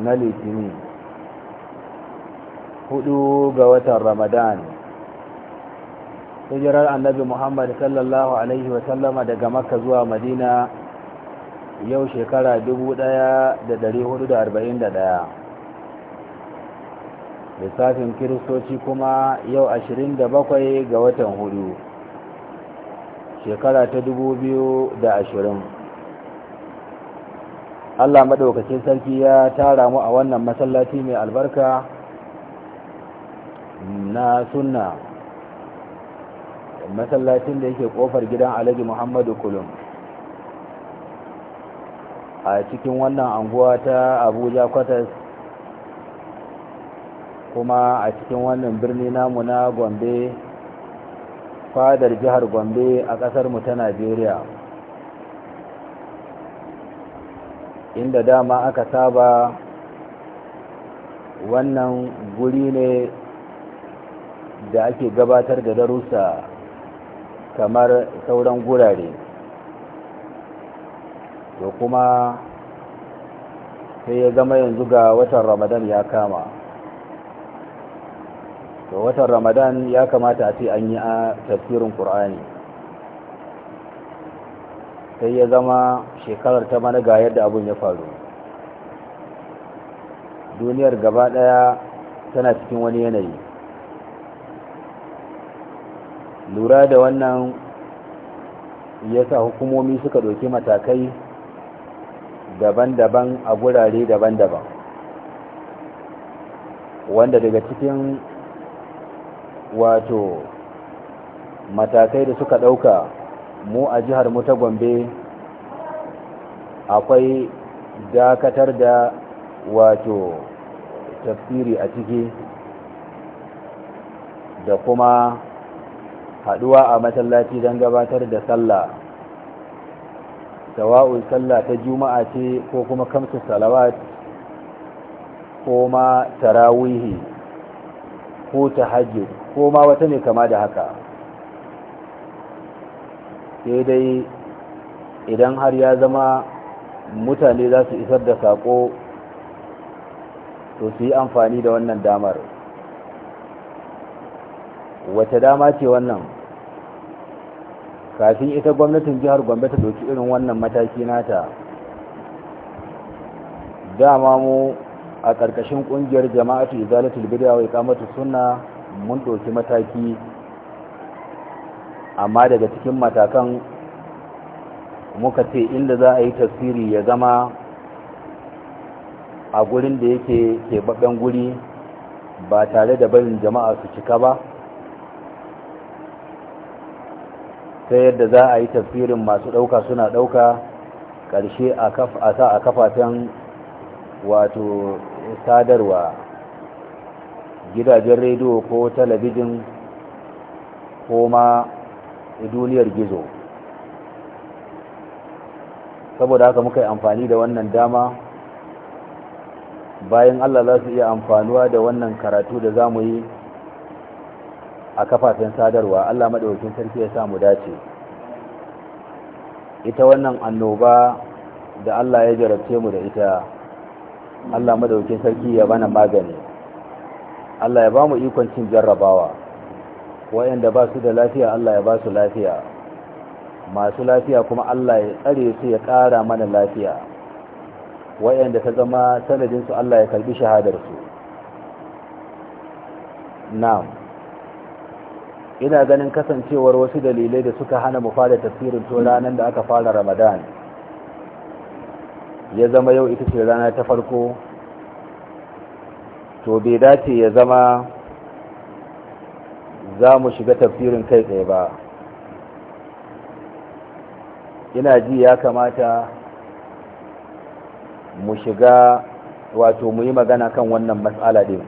na litini hudu ga watan ramadan hijirar annabi muhammad sallallahu alaihi wasallama daga makka zuwa madina yau shekara 1441 lissafin kiristoci kuma yau 27 ga watan hudu shekara ta 2020 Allah madaukakin sarki ya tara mu a wannan masallaci mai albarka na sunna masallacin da yake kofar gidan Alhaji Muhammadu Kulum a cikin wannan anguwa ta Abuja Kwatas kuma a cikin wannan birni namu na Gombe fadar jihar Gombe a kasar mu ta Najeriya inda dama aka saba wannan guri ne da ake gabatar da darussa kamar sauran gurare to kuma sai ya zama yanzu ga watan ramadan ya kama to watan ramadan ya kamata a ce an yi a tafsirin ƙur'ani sai ya zama shekarar ta mana ga yadda abun ya faru duniyar gaba daya tana cikin wani yanayi lura da wannan ya sa hukumomi suka ɗauki matakai daban-daban a gurare daban-daban wanda daga cikin wato matakai da suka ɗauka mu a jihar mu ta gombe akwai dakatar da wato tafsiri a ciki da kuma haduwa a masallaci don gabatar da sallah tawa'u sallah ta juma'a ce ko kuma kamsu salawat ko ma tarawihi ko tahajjud ko ma wata ne kama da haka sai dai idan har ya zama mutane za su isar da saƙo to su yi amfani da wannan damar wace dama ce wannan kafin ita gwamnatin jihar gombe ta doki irin wannan mataki nata dama mu a ƙarƙashin ƙungiyar jama'atu izalatul bid'a wa iqamatu sunna mun doki mataki amma daga cikin matakan muka ce inda za a yi tafsiri ya zama a gurin da yake keɓaɓɓen guri ba tare da barin jama'a su cika ba ta yadda za a yi tafsirin masu ɗauka suna ɗauka ƙarshe a sa a kafafen wato sadarwa gidajen rediyo ko talabijin ko ma duniyar gizo saboda haka muka yi amfani da wannan dama bayan Allah za su iya amfanuwa da wannan karatu da za mu yi a kafafen sadarwa Allah maɗaukin sarki ya samu dace ita wannan annoba da Allah ya jarabce mu da ita Allah maɗaukin sarki ya bana magani Allah ya ba mu ikon cin jarrabawa wayanda ba su da lafiya Allah ya ba su lafiya masu lafiya kuma Allah ya tsare su ya ƙara mana lafiya wayanda ta zama sanadinsu Allah ya karbi shahadarsu na'am ina ganin kasancewar wasu dalilai da suka hana mu fara tafsirin to ranar da aka fara Ramadan ya zama yau ita ce rana ta farko to bai dace ya zama za mu shiga tafsirin kai tsaye ba ina ji ya kamata mu shiga wato mu yi magana kan wannan matsala din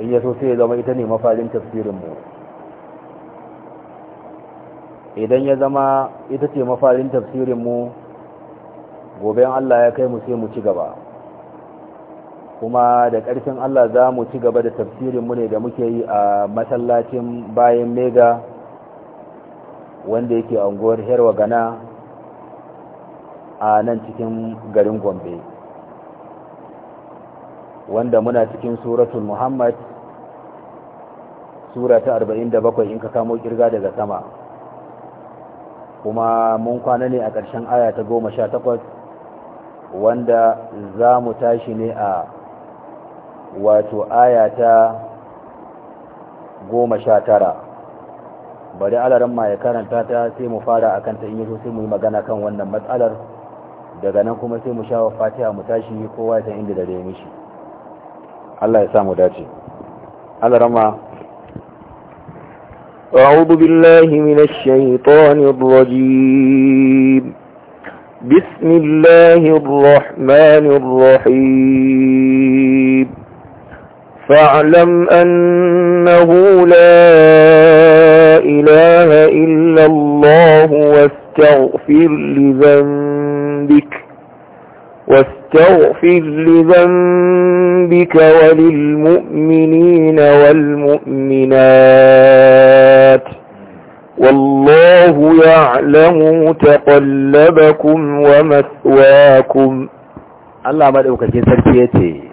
in ya so sai ya zama ita ne mafarin tafsirinmu idan ya zama ita ce mafarin tafsirinmu gobe Allah ya kai mu sai mu ci gaba kuma da ƙarfin Allah za mu ci gaba da tafsirinmu ne da muke yi a masallacin bayan mega wanda yake unguwar herwa gana a nan cikin garin gombe wanda muna cikin suratul muhammad sura ta 47 in ka kamo kirga daga sama kuma mun kwana ne a ƙarshen aya ta goma sha 18 wanda za mu tashi ne a wato aya ta goma sha tara bari alarin ma ya karanta ta sai mu fara akanta kanta in yaso sai mu yi magana kan wannan matsalar daga nan kuma sai mu sha wa fatiha mu tashi kowa ya inda da ya mishi Allah ya sa mu dace alarin ma أعوذ بالله من الشيطان الرجيم بسم الله الرحمن فاعلم أنه لا إله إلا الله واستغفر لذنبك واستغفر لذنبك وللمؤمنين والمؤمنات والله يعلم تقلبكم ومثواكم الله مدعوك كي سرسيتي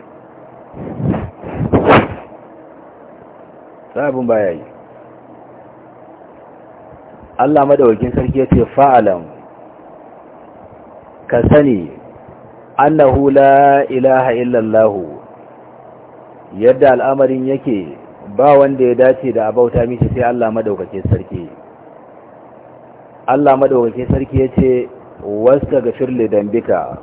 sabon baya yi Allah madawakin sarki ya ce fa'alam ka sani annahu la ilaha illallahu yadda al'amarin yake ba wanda ya dace da abauta mishi sai Allah madawakin sarki Allah madawakin sarki yace wasta gafir li dambika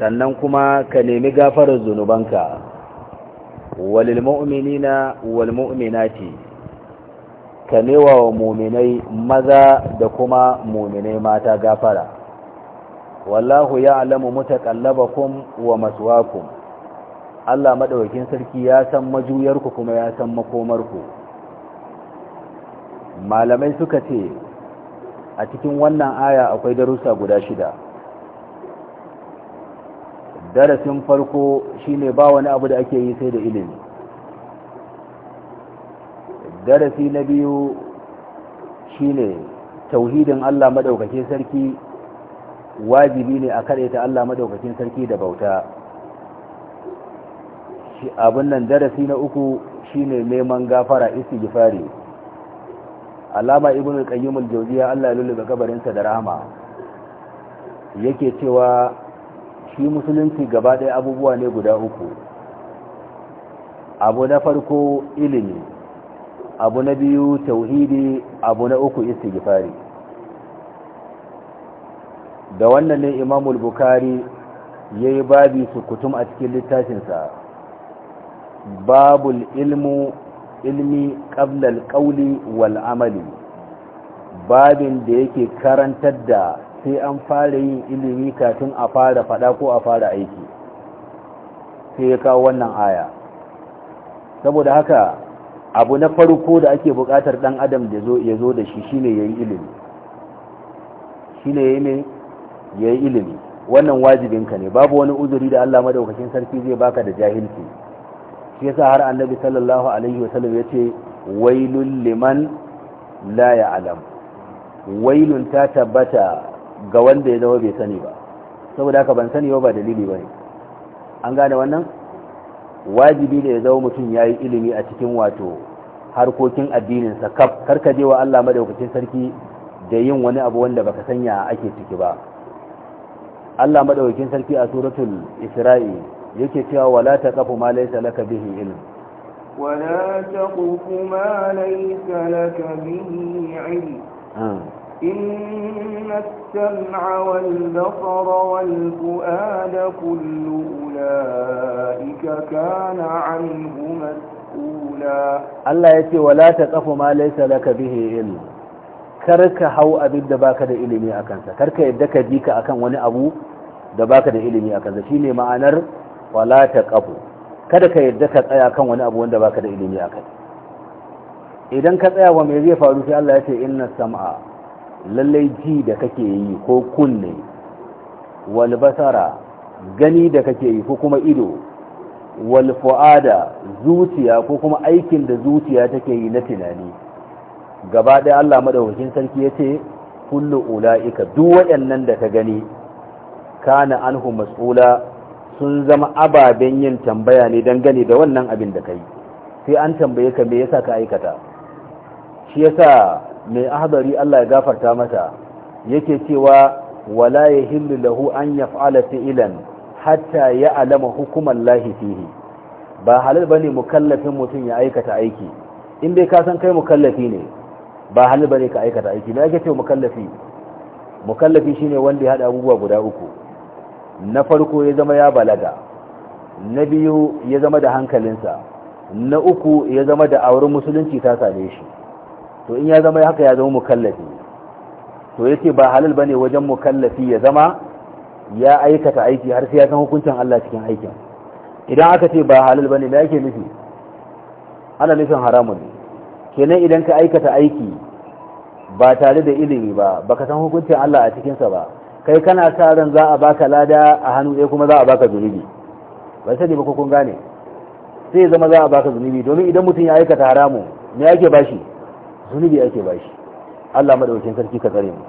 sannan kuma ka nemi gafarar zunubanka walil mu'minina wal mu'minati ka newa wa muminai maza da kuma muminai mata gafara wallahu ya'lamu mutaqallabakum wa maswakum Allah madaukakin sarki ya san majuyarku kuma ya san makomarku malamai suka ce a cikin wannan aya akwai darussa guda shida darasin farko shine ba wani abu da ake yi sai da ilimi darasi na biyu shine tauhidin Allah madaukakin sarki wajibi ne a ta Allah madaukakin sarki da bauta abin nan darasi na uku shine neman gafara istighfari alama ibnu qayyim al-jawziya Allah ya lullube kabarinsa da rahama yake cewa shi musulunci gaba ɗaya abubuwa ne guda uku abu na farko ilimi abu na biyu tauhidi abu na uku istighfari da wannan ne imamul bukari ya yi babi kutum a cikin littafinsa babul ilmu ilmi ƙablal ƙauli wal amali babin da yake karantar da sai an fara yin ilimi kafin a fara fada ko a fara aiki sai ya kawo wannan aya saboda haka abu na farko da ake buƙatar ɗan adam da ya zo da shi shine yayi ilimi shine yayi ne ilimi wannan wajibinka ne babu wani uzuri da Allah madaukakin sarki zai baka da jahilci shi yasa har annabi sallallahu alaihi wasallam yace wailul liman la ya'lam wailun ta tabbata ga wanda ya zama bai sani ba saboda haka ban sani ba ba dalili ba ne an gane wannan wajibi da ya zama mutum ya yi ilimi a cikin wato harkokin addininsa kaf je wa Allah madaukakin sarki da yin wani abu wanda baka sanya ake ciki ba Allah madaukakin sarki a suratul Isra'i yake cewa wala ta taqafu ma laysa laka bihi ilm wala ta taqfu ma laysa laka bihi ilm hmm. إن السمع والبصر والفؤاد كل أولئك كان عنه مسؤولا الله يتي ولا تقف ما ليس لك به علم karka hau abin da baka da ilimi a kansa karka yadda ka ji ka akan wani abu da baka da ilimi a kansa shine ma'anar wala taqafu kada ka yadda ka tsaya kan wani abu wanda baka da ilimi a kansa idan ka wa me zai faru sai Allah ya ce inna sam'a lallai ji da kake yi ko kunne wal basara gani da kake yi ko kuma ido Walfu'ada, zuciya ko kuma aikin da zuciya take yi na tunani gaba ɗaya Allah madaukakin sarki yace kullu ulaika duk waɗannan da ka gani kana anhu mas'ula sun zama ababen yin tambaya ne dangane da wannan abin da kai sai an tambaye ka me yasa ka aikata shi yasa mai ahdari Allah ya gafarta mata yake cewa wala yahillu lahu an yaf'ala fi'lan hatta ya'lama hukuman lahi fihi ba halal bane mukallafin mutum ya aikata aiki in dai ka san kai mukallafi ne ba halal bane ka aikata aiki me yake ce mukallafi mukallafi shine wanda ya hada abubuwa guda uku na farko ya zama ya balaga na biyu ya zama da hankalinsa na uku ya zama da auren musulunci ta same shi to in ya zama haka ya zama mukallafi to yace ba halal bane wajen mukallafi ya zama ya aikata aiki har sai ya san hukuncin Allah cikin aikin idan aka ce ba halal bane me yake nufi ana nufin haramun kenan idan ka aikata aiki ba tare da ilimi ba baka san hukuncin Allah a cikin sa ba kai kana sa ran za a baka lada a hannu eh kuma za a baka zunubi ba sai ba ko kun gane sai zama za a baka zunubi domin idan mutum ya aikata haramun me yake bashi zunubi ake ba shi? Allah madaukin sarki ka tsare mu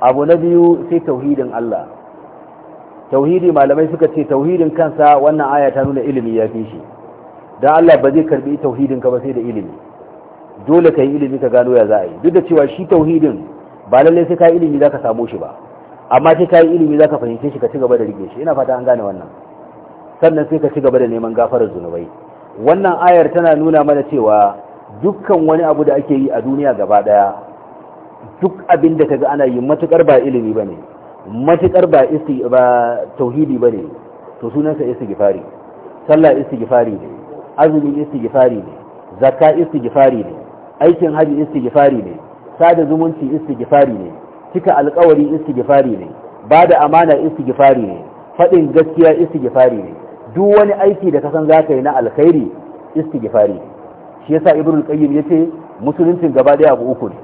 abu na biyu sai tauhidin Allah tauhidi malamai suka ce tauhidin kansa wannan aya ta nuna ilimi ya fi shi dan Allah ba zai karbi tauhidin ka ba sai da ilimi dole kai ilimi ka gano ya za yi duk da cewa shi tauhidin ba lalle sai kai ilimi zaka samu shi ba amma sai kai ilimi zaka fahimce shi ka ci gaba da rike shi ina fata an gane wannan sannan sai ka ci gaba da neman gafarar zunubai wannan ayar tana nuna mana cewa dukkan wani abu da ake yi a duniya gaba daya duk abin da kaga ana yi matukar ba ilimi bane matukar ba isti ba tauhidi bane to sunansa gifari sallah gifari ne azumi gifari ne zakka gifari ne aikin haji gifari ne sada zumunci gifari ne cika alkawari gifari ne bada amana gifari ne faɗin gaskiya gifari ne duk wani aiki da ka zaka yi na alkhairi gifari ne shi yasa ibn al-qayyim yace musuluncin gaba daya abu uku ne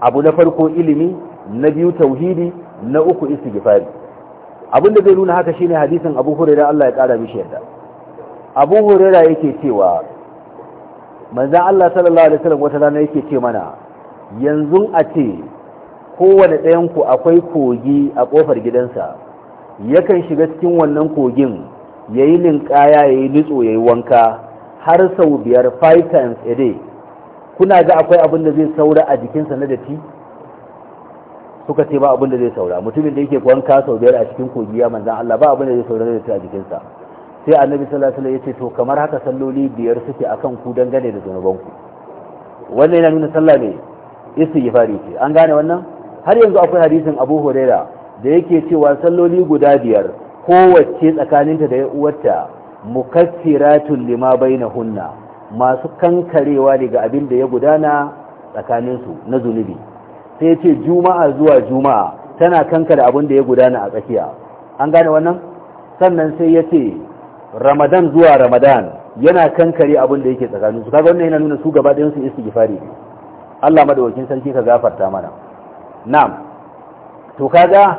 abu na farko ilimi na biyu tauhidi na uku istighfari abin da zai nuna haka shine hadisin Abu Hurairah Allah ya kara mishi yadda Abu Hurairah yake cewa manzo Allah sallallahu alaihi wasallam wata rana yake ce mana yanzu a ce kowane ɗayan ku akwai kogi a kofar gidansa yakan shiga cikin wannan kogin yayi linƙaya yayi nitso yayi wanka har sau biyar five times a day kuna ga akwai abin da zai saura a jikinsa na datti suka ce ba abin da zai saura mutumin da yake wanka sau biyar a cikin kogi ya manzan Allah ba abin da zai saura da datti a jikinsa sai annabi sallallahu alaihi wasallam ya ce to kamar haka salloli biyar suke akan ku dangane da zunubanku wannan yana nuna sallah ne istighfari ce an gane wannan har yanzu akwai hadisin Abu Huraira da yake cewa salloli guda biyar kowace tsakaninta da uwarta mukaffiratun lima bainahunna masu kankarewa daga abin da ya gudana tsakaninsu na zunubi sai ce juma'a zuwa juma'a tana kankare abin da ya gudana a tsakiya an gane wannan sannan sai ya ce ramadan zuwa ramadan yana kankare abin da yake tsakaninsu kaga wannan yana nuna su gaba ɗayan su istighfari Allah madawakin sarki ka gafarta mana na'am to kaga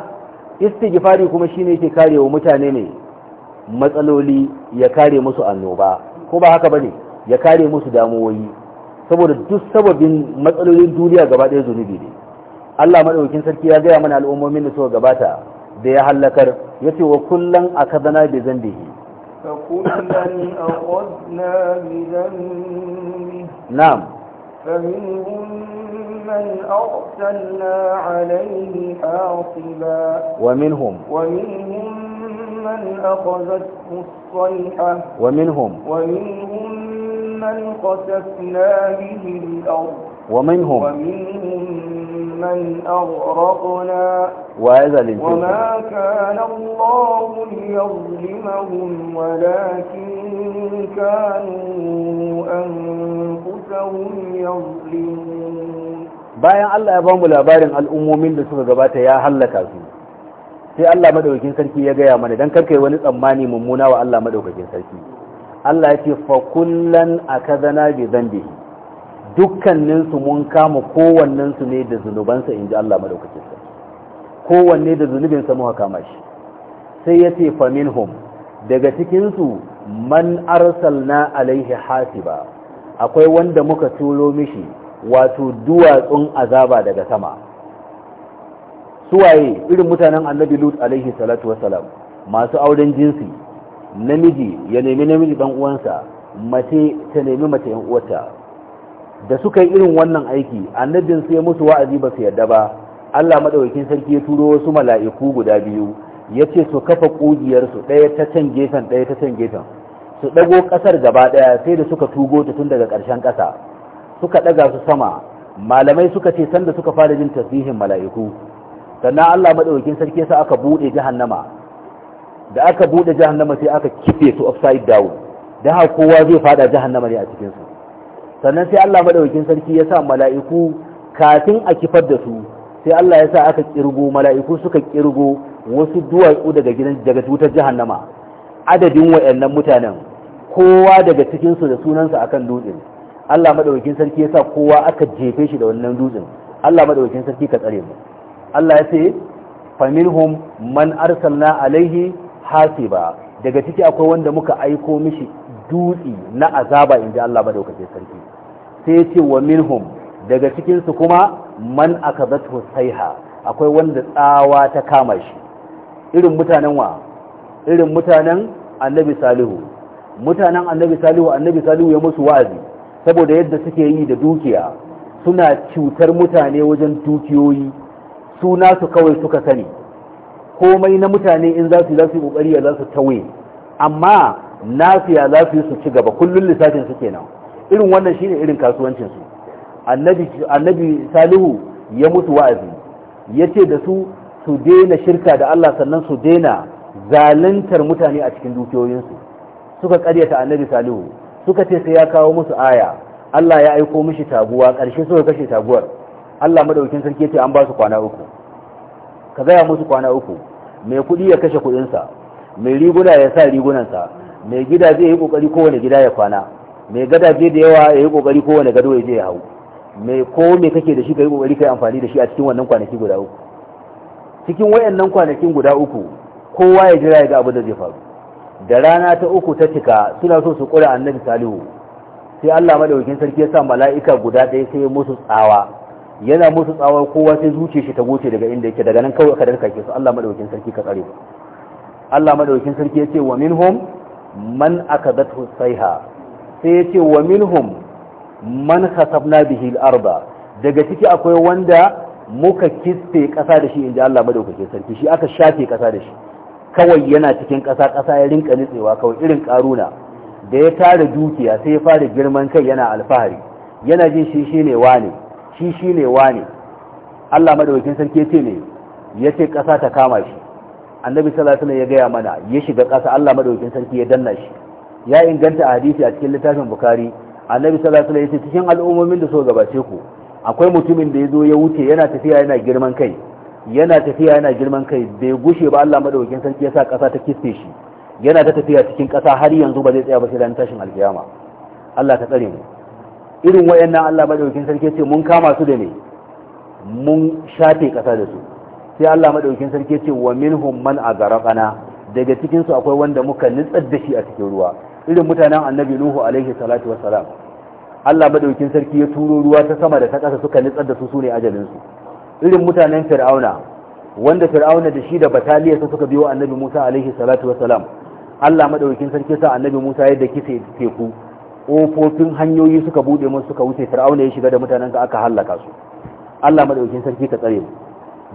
istighfari kuma shine yake karewa mutane ne matsaloli ya kare musu annoba ko ba haka bane ya kare musu damuwoyi saboda duk sababin matsalolin duniya gaba ɗaya zunubi ne Allah madaukakin sarki ya gaya mana al'ummomin da suka gabata da ya halakar yace wa kullan akadana bi zambihi fa kullan bi na'am fa ممن أرسلنا عليه حاصبا ومنهم ومنهم من أخذته الصيحة ومنهم ومنهم من خسفنا به الأرض ومنهم ومنهم من أغرقنا وهذا وما كان الله ليظلمهم ولكن كانوا أنفسهم يظلمون bayan Allah ya bamu labarin al'ummomin da suka gabata ya hallaka su sai Allah maɗaukakin sarki ya gaya mana dan yi wani tsammani mummuna wa Allah maɗaukakin sarki Allah ya ce fa kullan zana bi zan dukkanin su mun kama kowannen su ne da zunubansa in ji Allah maɗaukakin sarki kowanne da zunubin sa muka sai ya ce fa minhum daga cikin su man arsalna alaihi hasiba akwai wanda muka turo mishi wato duwatsun azaba daga sama Su waye irin mutanen annabi lut alaihi salatu wasalam masu auren jinsi namiji ya nemi namiji dan uwansa mace ta nemi mace yan uwarta da suka yi irin wannan aiki annabin sai musu wa'azi ba su yadda ba Allah madaukakin sarki ya turo wasu mala'iku guda biyu yace su kafa kugiyar su daya ta can gefen daya ta can gefen su dago kasar gaba daya sai da suka tugo ta tun daga karshen kasa suka ɗaga su sama malamai suka ce sanda suka fara jin tasbihin mala'iku sannan Allah madaukakin sarki yasa aka bude jahannama da aka bude jahannama sai aka kife su upside down da har kowa zai fada jahannama ne a cikin su sannan sai Allah madaukakin sarki yasa mala'iku kafin a kifar da su sai Allah yasa aka kirgo mala'iku suka kirgo wasu duwatsu daga gidan daga tutar jahannama adadin wayannan mutanen kowa daga cikin su da sunansa akan dutse Allah madaukakin sarki yasa kowa aka jefe shi da wannan dutsen Allah madaukakin sarki ka tsare mu Allah ya ce faminhum man arsalna alaihi hasiba daga ciki akwai wanda muka aiko mishi dutsi na azaba inda Allah madaukakin sarki sai ya ce wa minhum daga cikin su kuma man akazatu sayha akwai wanda tsawa ta kama shi irin mutanen wa irin mutanen annabi salihu mutanen annabi salihu annabi salihu ya musu wa'azi saboda yadda suke yi da dukiya suna cutar mutane wajen dukiyoyi su kawai suka sani komai na mutane in za su za su yi kokari ya za su tawaye amma nafiya za su yi su ci gaba kullum lissafin su kenan irin wannan shine irin kasuwancinsu. annabi annabi salihu ya mutu wa'azi yace da su su daina shirka da Allah sannan su daina zaluntar mutane a cikin dukiyoyinsu suka karyata annabi salihu suka ce sai ya kawo musu aya Allah ya aiko mishi taguwa ƙarshe suka kashe taguwar Allah madaukin sarki ce an ba su kwana uku ka gaya musu kwana uku mai kuɗi ya kashe kuɗinsa mai riguna ya sa rigunansa mai gida zai yi ƙoƙari kowane gida ya kwana mai gadaje da yawa ya yi ƙoƙari kowane gado ya je ya hau mai ko mai kake da shi ka yi ƙoƙari ka yi amfani da shi a cikin wannan kwanaki guda uku cikin wayannan kwanakin guda uku kowa ya jira ya ga abin da zai faru da rana ta uku ta cika suna so su kula annabi salihu sai Allah madaukakin sarki ya sa mala'ika guda ɗaya sai musu tsawa yana musu tsawa kowa sai zuce shi ta goce daga inda yake daga nan kawai aka danka ke su Allah madaukakin sarki ka tsare Allah madaukakin sarki ya ce wa minhum man akadathu sayha sai ya ce wa minhum man khasabna bihi al-arda daga ciki akwai wanda muka kiste kasa da shi inda Allah madaukakin sarki shi aka shafe kasa da shi kawai yana cikin ƙasa ƙasa ya rinka nitsewa kawai irin ƙaruna da ya tara dukiya sai ya fara girman kai yana alfahari yana jin shi shi ne wane shi shi ne wane Allah madawakin sarki ce ne ya ce ƙasa ta kama shi annabi sallallahu alaihi wasallam ya gaya mana ya shiga ƙasa Allah madawakin sarki ya danna shi ya inganta a hadisi a cikin littafin bukari annabi sallallahu alaihi wasallam ya ce cikin al'ummomin da so gabace ku akwai mutumin da ya zo ya wuce yana tafiya yana girman kai yana tafiya yana girman kai bai gushe ba Allah madaukakin sarki yasa ƙasa ta kiste shi yana ta tafiya cikin ƙasa har yanzu ba zai tsaya ba sai ran tashin alkiyama Allah ta tsare mu irin wayannan Allah madaukakin sarki ce mun kama su da ne mun shafe ƙasa da su sai Allah madaukakin sarki ce wa minhum man agarqana daga cikin su akwai wanda muka nitsar da shi a cikin ruwa irin mutanen Annabi Nuhu alaihi salatu wassalam Allah madaukakin sarki ya turo ruwa ta sama da ta kasa suka nitsar da su sune ajalin su irin mutanen fir'auna wanda fir'auna da shi da bataliya su suka biyo annabi musa alaihi salatu wasalam allah maɗaukin sarki sa annabi musa yadda kise teku ƙofofin hanyoyi suka buɗe mun suka wuce fir'auna ya shiga da mutanen ka aka hallaka su allah maɗaukin sarki ka tsare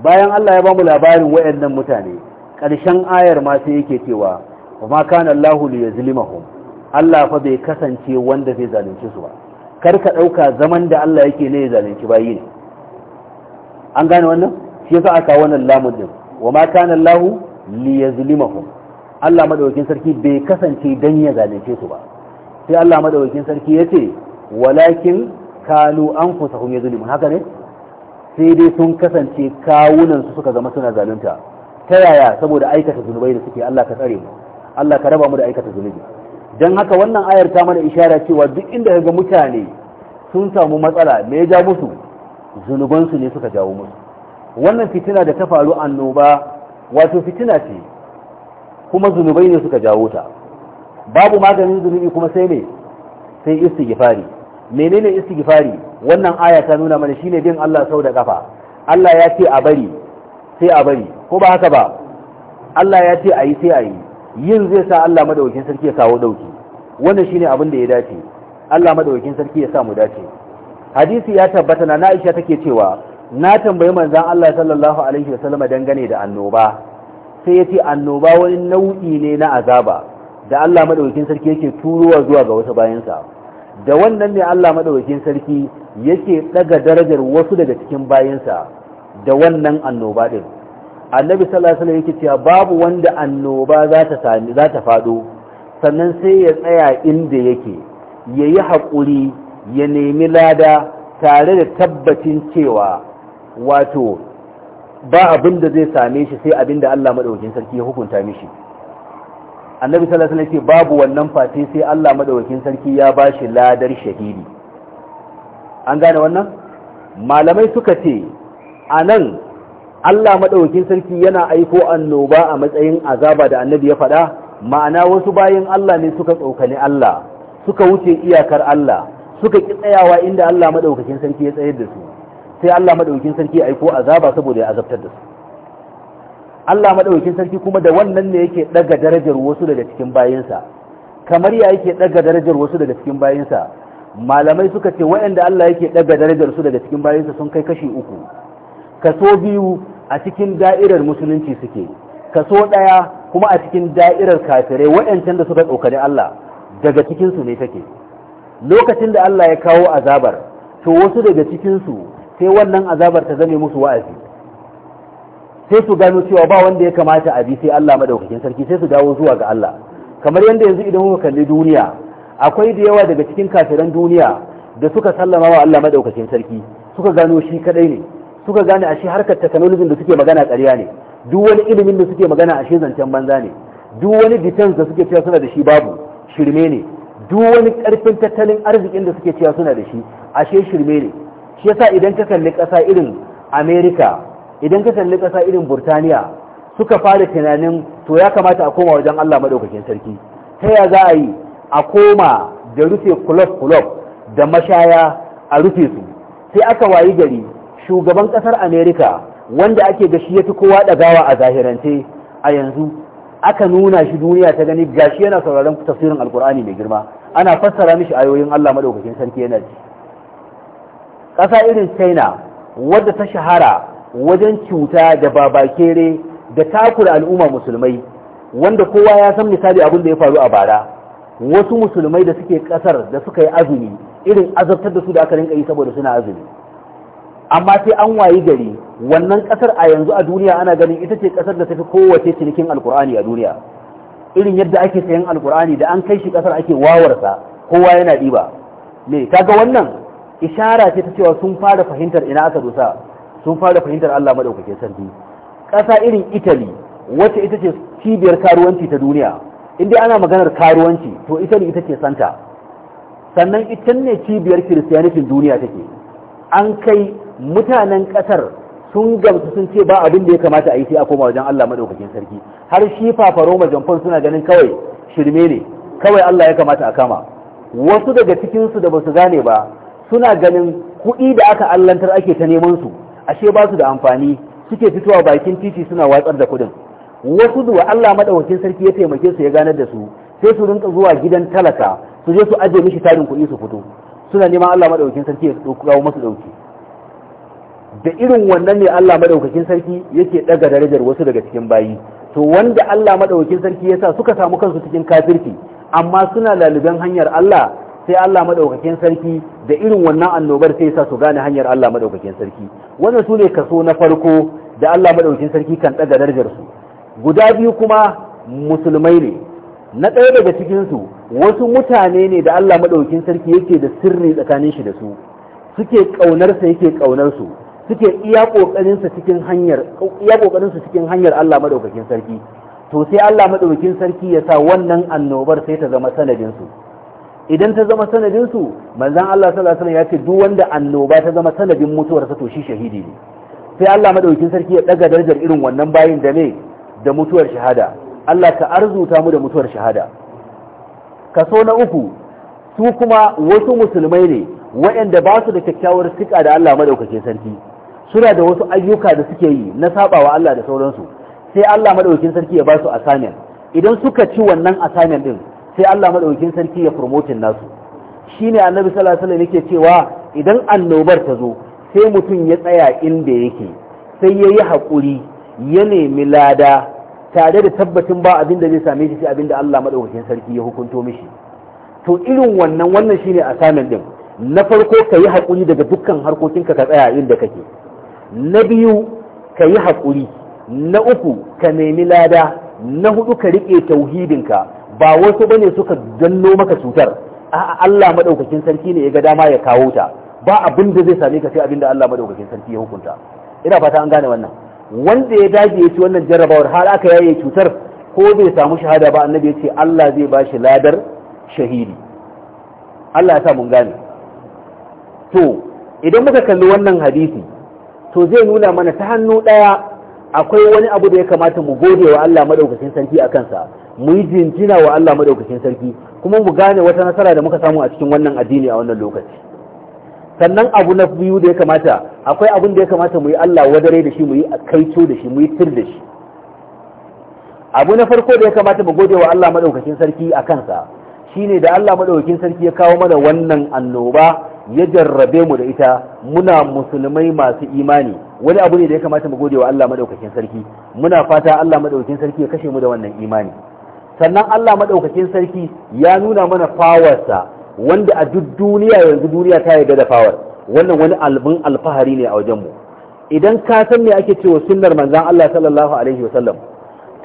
bayan allah ya ba mu labarin wayannan mutane ƙarshen ayar ma sai yake cewa ma kana Allahu li yuzlimahum allah fa bai kasance wanda zai zalunci su ba kar ka ɗauka zaman da allah yake ne ya zalunci bayi ne an gane wannan shi yasa aka wannan lamun din wa ma kana Allah li yazlimahum Allah madaukakin sarki bai kasance dan ya zalunce su ba sai Allah madaukakin sarki yace walakin kanu anfusahum yazlimun haka ne sai dai sun kasance kawunan su suka zama suna zalunta ta yaya saboda aikata zunubai da suke Allah ka tsare mu Allah ka raba mu da aikata zunubi dan haka wannan ayar ta mana ishara cewa duk inda ga mutane sun samu matsala me ya ja musu zunubansu ne suka jawo musu wannan fitina da ta faru annoba wato fitina ce kuma zunubai ne suka jawo ta babu maganin zunubi kuma sai ne sai istighfari menene istighfari wannan aya ta nuna mana shine bin Allah sau da kafa Allah ya ce a bari sai a bari ko ba haka ba Allah ya ce a yi sai a yi yin zai sa Allah madaukakin sarki ya kawo dauki wannan shine abin da ya dace Allah madaukakin sarki ya sa mu dace hadisi ya tabbata na Aisha take cewa na tambayi manzon Allah sallallahu alaihi wasallam dangane da annoba sai yace annoba wani nau'i ne na azaba da Allah madaukakin sarki yake turowa zuwa ga wasu bayansa da wannan ne Allah madaukakin sarki yake daga darajar wasu daga cikin bayansa da wannan annoba din annabi sallallahu alaihi wasallam yake cewa babu wanda annoba za ta sami za ta fado sannan sai ya tsaya inda yake yayi haƙuri ya nemi lada tare da tabbacin cewa wato ba abin da zai same shi sai abin da Allah madaukakin sarki ya hukunta mishi annabi sallallahu alaihi wasallam babu wannan fati sai Allah madaukakin sarki ya ba shi ladar shahidi an gane wannan malamai suka ce anan Allah madaukakin sarki yana aiko annoba a matsayin azaba da annabi ya faɗa ma'ana wasu bayin Allah ne suka tsokane Allah suka wuce iyakar Allah suka ƙi tsayawa inda Allah maɗaukakin sarki ya tsayar da su sai Allah maɗaukakin sarki ya aiko azaba saboda ya azabtar da su Allah maɗaukakin sarki kuma da wannan ne yake ɗaga darajar wasu daga cikin bayinsa kamar ya yake ɗaga darajar wasu daga cikin bayinsa malamai suka ce waɗanda Allah yake ɗaga darajar su daga cikin bayinsa sun kai kashi uku kaso biyu a cikin da'irar musulunci suke kaso ɗaya kuma a cikin da'irar kafirai waɗancan da suka tsokani Allah daga cikinsu ne take lokacin da Allah ya kawo azabar to wasu daga cikinsu sai wannan azabar ta zame musu wa'azi sai su gano cewa ba wanda ya kamata a bi sai Allah madaukakin sarki sai su dawo zuwa ga Allah kamar yadda yanzu idan muka kalli duniya akwai da yawa daga cikin kafiran duniya da suka sallama wa Allah madaukakin sarki suka gano shi kadai ne suka gane a shi harkar technology da suke magana ƙarya ne duk wani ilimin da suke magana a shi zancen banza ne duk wani defense da suke cewa suna da shi babu shirme ne duk wani ƙarfin tattalin arzikin da suke cewa suna da shi ashe shirme ne shi yasa idan ka kalli ƙasa irin amerika idan ka kalli ƙasa irin burtaniya suka fara tunanin to ya kamata a koma wajen allah madaukakin sarki ta ya za a yi a koma da rufe kulof-kulof da mashaya a rufe su sai aka wayi gari shugaban ƙasar amerika wanda ake ga shi ya fi kowa ɗagawa a zahirance a yanzu aka nuna shi duniya ta gani gashi yana sauraron tafsirin alkur'ani mai girma ana fassara mishi ayoyin Allah madaukakin sarki yana ji ƙasa irin China wadda ta shahara wajen cuta da babakere da takura al'umma musulmai wanda kowa ya san misali abin da ya faru a bara wasu musulmai da suke ƙasar da suka yi azumi irin azabtar da su da aka rinka yi saboda suna azumi amma sai an wayi gari wannan ƙasar a yanzu a duniya ana ganin ita ce ƙasar da tafi kowace cinikin alkur'ani a duniya irin yadda ake sayan alkur'ani da an kai shi kasar ake wawarsa kowa yana ɗiba me kaga wannan ishara ce ta cewa sun fara fahimtar ina aka dosa sun fara fahimtar Allah madaukakin sarki ƙasa irin itali wacce ita ce cibiyar karuwanci ta duniya inda ana maganar karuwanci to Italy ita ce santa sannan ita ne cibiyar kiristiyanitin duniya take an kai mutanen ƙasar sun gamsu sun ce ba abin da ya kamata a yi sai a koma wajen Allah madaukakin sarki har shi fafaro majamfan suna ganin kawai shirme ne kawai Allah ya kamata a kama wasu daga cikinsu da ba su gane ba suna ganin kuɗi da aka allantar ake ta neman su ashe ba su da amfani suke fitowa bakin titi suna watsar da kuɗin wasu zuwa Allah madaukakin sarki ya taimake su ya ganar da su sai su rinka zuwa gidan talaka su je su ajiye mishi tarin kuɗi su fito suna neman Allah madaukakin sarki ya kawo masu dauki da irin wannan ne Allah madaukakin sarki yake ɗaga darajar wasu daga cikin bayi to wanda Allah madaukakin sarki yasa suka samu kansu cikin kafirci amma suna laluben hanyar Allah sai Allah madaukakin sarki da irin wannan annobar sai yasa su gane hanyar Allah madaukakin sarki wannan sune kaso na farko da Allah madaukakin sarki kan daga darajar su guda biyu kuma musulmai ne na ɗaya daga cikin su wasu mutane ne da Allah maɗaukin sarki yake da sirri tsakanin shi da su suke ƙaunarsa yake su. suke iya kokarin su cikin hanyar iya ƙoƙarinsa su cikin hanyar Allah madaukakin sarki to sai Allah madaukakin sarki ya sa wannan annobar sai ta zama sanadin idan ta zama sanadin su manzon Allah sallallahu alaihi wasallam ya ce duk wanda annoba ta zama sanadin mutuwar sa to shi shahidi ne sai Allah madaukakin sarki ya daga darajar irin wannan bayin da ne da mutuwar shahada Allah ka arzuta mu da mutuwar shahada kaso na uku su kuma wasu musulmai ne waɗanda ba su da kyakkyawar sika da Allah maɗaukakin sarki suna da wasu ayyuka da suke yi na sabawa Allah da sauransu sai Allah madaukakin sarki ya ba su assignment idan suka ci wannan assignment din sai Allah madaukakin sarki ya promote nasu shine annabi sallallahu alaihi wasallam yake cewa idan annobar ta zo sai mutum ya tsaya inda yake sai yayi hakuri ya nemi lada tare da tabbatin ba abin da zai same shi sai abin da Allah madaukakin sarki ya hukunto mishi to irin wannan wannan shine assignment din na farko ka yi haƙuri daga dukkan harkokinka ka tsaya inda kake na biyu ka yi haƙuri na uku ka nemi lada na hudu ka riƙe tauhidinka ba wasu bane suka danno maka cutar a'a Allah madaukakin sarki ne ya ga dama ya kawo ta ba abin da zai same ka sai abin da Allah madaukakin sarki ya hukunta ina fata an gane wannan wanda ya dage ya ci wannan jarrabawar har aka yaye cutar ko bai samu shahada ba annabi ya ce Allah zai ba shi ladar shahidi Allah ya sa mun gane to idan muka kalli wannan hadisi to zai nuna mana ta hannu ɗaya akwai wani abu da ya kamata mu gode wa Allah madaukakin sarki a kansa mu yi jinjina wa Allah madaukakin sarki kuma mu gane wata nasara da muka samu a cikin wannan addini a wannan lokaci sannan abu na biyu da ya kamata akwai abin da ya kamata mu yi Allah wadare da shi mu yi kaito da shi mu yi tir da shi abu na farko da ya kamata mu gode wa Allah madaukakin sarki a kansa shine da Allah madaukakin sarki ya kawo mana wannan annoba ya jarrabe mu da ita muna musulmai masu imani wani abu ne da ya kamata mu gode wa Allah madaukakin sarki muna fata Allah madaukakin sarki ya kashe mu da wannan imani sannan Allah madaukakin sarki ya nuna mana fawarsa wanda a duk duniya yanzu duniya ta yarda da fawar wannan wani albin alfahari ne a wajen mu idan ka san me ake cewa sunnar manzon Allah sallallahu alaihi wasallam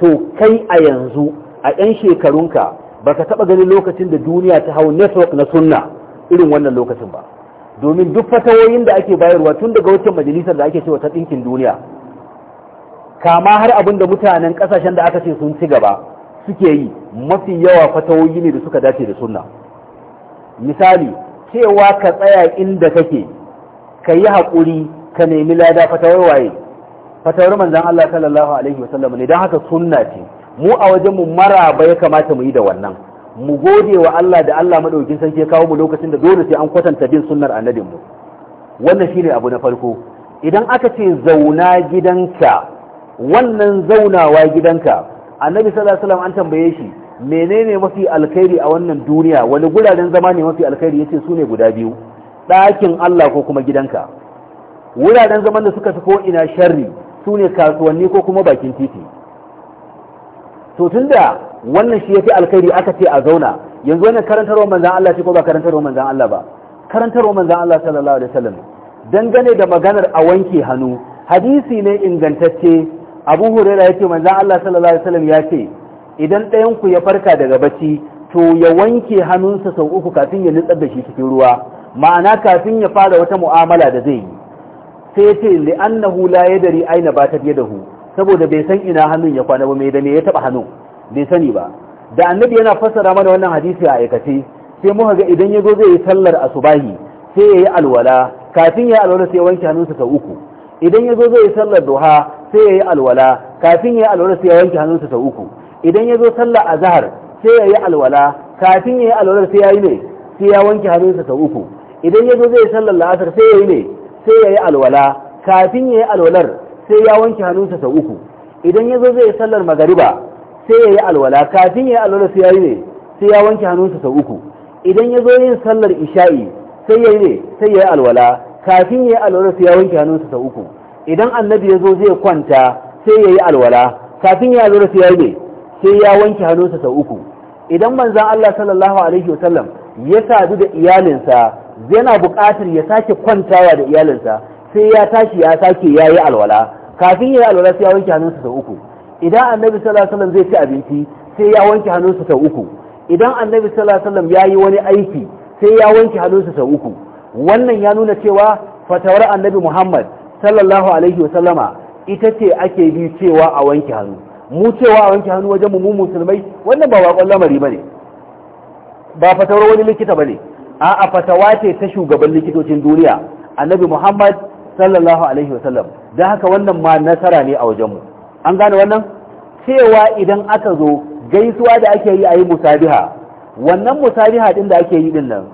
to kai a yanzu a 'yan shekarunka baka taɓa ganin lokacin da duniya ta hau network na sunna irin wannan lokacin ba domin duk fatawoyin da ake bayarwa tun daga waccan majalisar da ake cewa ta ɗinkin duniya kama har abin da mutanen ƙasashen da aka ce sun ci gaba suke yi mafi yawa fatawoyi ne da suka dace da sunna misali cewa ka tsaya inda kake ka yi haƙuri ka nemi lada fatawar waye fatawar manzan Allah sallallahu alaihi wasallam ne don haka sunna ce mu a wajenmu maraba ya kamata mu yi da wannan mu gode wa Allah da Allah madaukin sarki ya kawo mu lokacin da dole sai an kwatanta bin sunnar annabin mu wannan shine abu na farko idan aka ce zauna gidanka wannan zaunawa gidanka annabi sallallahu alaihi wasallam an tambaye shi menene mafi alkhairi a wannan duniya wani guraren zama ne mafi alkhairi yace su ne guda biyu ɗakin Allah ko kuma gidanka wuraren zaman da suka fi ko ina sharri su ne kasuwanni ko kuma bakin titi to da wannan shi yafi alkhairi aka ce a zauna yanzu wannan karantarwar manzan Allah ce ko ba karantarwar manzan Allah ba karantarwar manzan Allah sallallahu alaihi wasallam dangane da maganar a wanke hannu hadisi ne ingantacce Abu Hurairah yace manzan Allah sallallahu alaihi wasallam ya ce idan ɗayan ku ya farka daga bacci to ya wanke hannunsa sau uku kafin ya nutsar da shi cikin ruwa ma'ana kafin ya fara wata mu'amala da zai yi sai ce li'annahu la yadri aina batat yadahu saboda bai san ina hannun ya kwana ba mai da me ya taba hannu bai sani ba da annabi yana fassara mana wannan hadisi a aikace sai muka ga idan ya zo zai yi sallar asubahi sai ya yi alwala kafin ya yi alwala sai ya wanke hannunsa sau uku idan ya zo zai yi sallar duha sai ya yi alwala kafin ya yi alwala sai ya wanke hannunsa sau uku idan ya zo sallar azhar sai ya yi alwala kafin ya yi alwala sai ya yi ne sai ya wanke hannunsa sau uku idan ya zo zai yi sallar la'asar sai ya yi ne sai ya yi alwala kafin ya yi alwalar sai ya wanke hannunsa sau uku idan ya zo zai sallar magariba sai ya yi alwala kafin ya yi alwala sai ya yi ne sai ya wanke hannunsa sau uku idan ya zo yin sallar isha'i sai ya yi ne sai ya yi alwala kafin ya yi alwala sai ya wanke hannunsa sau uku idan annabi ya zo zai kwanta sai ya yi alwala kafin ya yi alwala sai ya yi ne sai ya wanke hannunsa sau uku idan manzon Allah sallallahu alaihi wasallam ya sadu da iyalinsa yana buƙatar ya sake kwantawa da iyalinsa sai ya tashi ya sake ya yi alwala kafin ya yi alwala sai ya wanke hannunsa sau uku idan annabi sallallahu alaihi wasallam zai ci abinci sai ya wanke hannunsa sau uku idan annabi sallallahu alaihi wasallam ya yi wani aiki sai ya wanke hannunsa sau uku wannan ya nuna cewa fatawar annabi muhammad sallallahu alaihi wasallama ita ce ake bi cewa a wanke hannu mu cewa a wanke hannu wajen mu musulmai wannan ba bakon lamari bane ba fatawar wani likita bane a'a fatawa ce ta shugaban likitocin duniya annabi muhammad sallallahu alaihi wasallam don haka wannan ma nasara ne a wajenmu an gane wannan cewa idan aka zo gaisuwa da ake yi a yi musabiha wannan musabiha din da ake yi din nan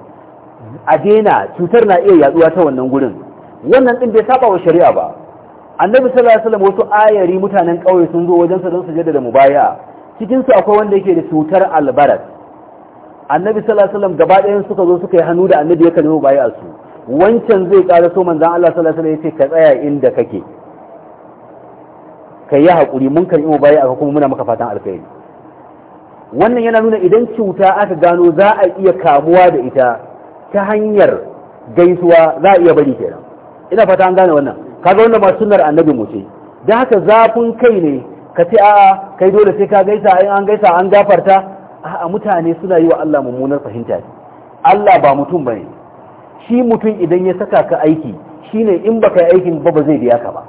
a daina cutar na iya yaduwa ta wannan gurin wannan din bai saba wa shari'a ba annabi sallallahu alaihi wasallam wasu ayari mutanen kauye sun zo wajen sa don su jaddada mubaya cikin su akwai wanda yake da cutar albarat annabi sallallahu alaihi wasallam gaba ɗayan suka zo suka yi hannu da annabi ya kalmi mubaya su wancan zai ƙara so manzan Allah sallallahu alaihi wasallam ya ce ka tsaya inda kake ka yi haƙuri mun karɓi mu baya aka kuma muna maka fatan alkhairi wannan yana nuna idan cuta aka gano za a iya kamuwa da ita ta hanyar gaisuwa za a iya bari kenan ina fata an gane wannan kaga wannan ba sunnar annabi mu ce da haka zafin kai ne ka ce a'a kai dole sai ka gaisa ai an gaisa an gafarta a'a mutane suna yi wa Allah mummunar fahimta Allah ba mutum bane shi mutum idan ya saka ka aiki shine in baka yi aikin ba ba zai biya ka ba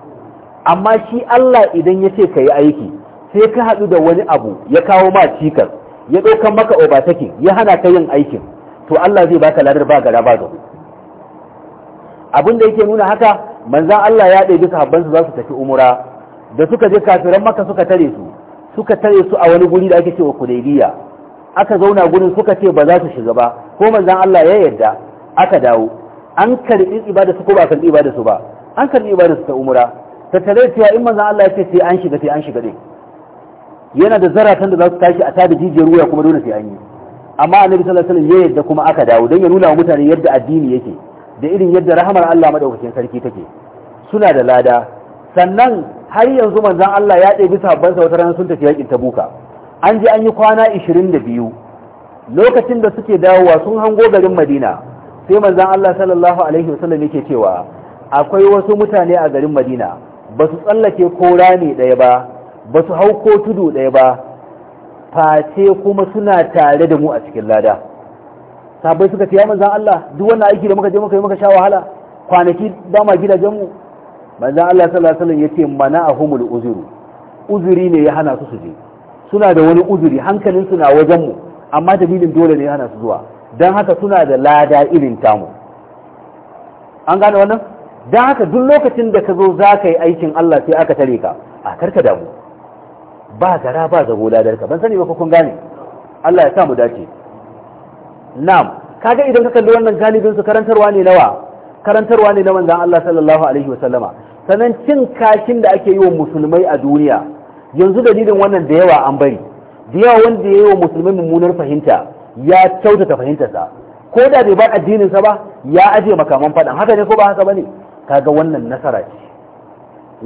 amma shi Allah idan ya ce ka yi aiki sai ka haɗu da wani abu ya kawo ma cikar ya ɗaukan maka obatakin ya hana ka yin aikin to Allah zai baka ladar ba gara ba gaba abin da yake nuna haka manzan Allah ya ɗaya duka habbansu za su tafi umura da suka je kafiran maka suka tare su suka tare su a wani guri da ake cewa kudaibiya aka zauna gurin suka ce ba za su shiga ba ko manzan Allah ya yarda aka dawo an karbi ibada su ko ba karbi ibada su ba an karbi ibada su ta umura ta tare cewa in manzon Allah ya ce sai an shiga sai an shiga din yana da zaratan da za su tashi a tada jijiyar wuya kuma dole sai an yi amma annabi sallallahu alaihi wasallam ya yadda kuma aka dawo dan ya nuna wa mutane yadda addini yake da irin yadda rahmar Allah madaukakin sarki take suna da lada sannan har yanzu manzon Allah ya ɗebi sa wata ran sun tafi yakin Tabuka an je an yi kwana 22 lokacin da suke dawowa sun hango garin Madina sai manzan Allah sallallahu alaihi wasallam yake cewa akwai wasu mutane a garin Madina ba su tsallake ko rani ɗaya ba ba su hau ko tudu ɗaya ba face kuma suna tare da mu a cikin lada sabai suka ce ya manzan Allah duk wannan aiki da muka je muka yi muka sha wahala kwanaki dama gidajen mu manzan Allah sallallahu alaihi wasallam yace mana a humul uzuru uzuri ne ya hana su su je suna da wani uzuri hankalinsu na wajen mu amma dalilin dole ne ya hana su zuwa don haka suna da lada irin tamu an gane wannan don haka duk lokacin da ka zo za ka yi aikin Allah sai aka tare ka a karka damu ba gara ba zabo ka ban sani ba kun gane Allah ya sa mu dace na'am kaga idan ka kalli wannan galibin su karantarwa ne nawa karantarwa ne na manzon Allah sallallahu alaihi wasallama sanan cin kashin da ake yi wa musulmai a duniya yanzu dalilin wannan da yawa an bari da yawa wanda ya yi wa musulmai mummunar fahimta ya kyautata fahimtarsa ko da bai bar addininsa ba ya aje makaman faɗan haka ne ko ba haka bane kaga wannan nasara ce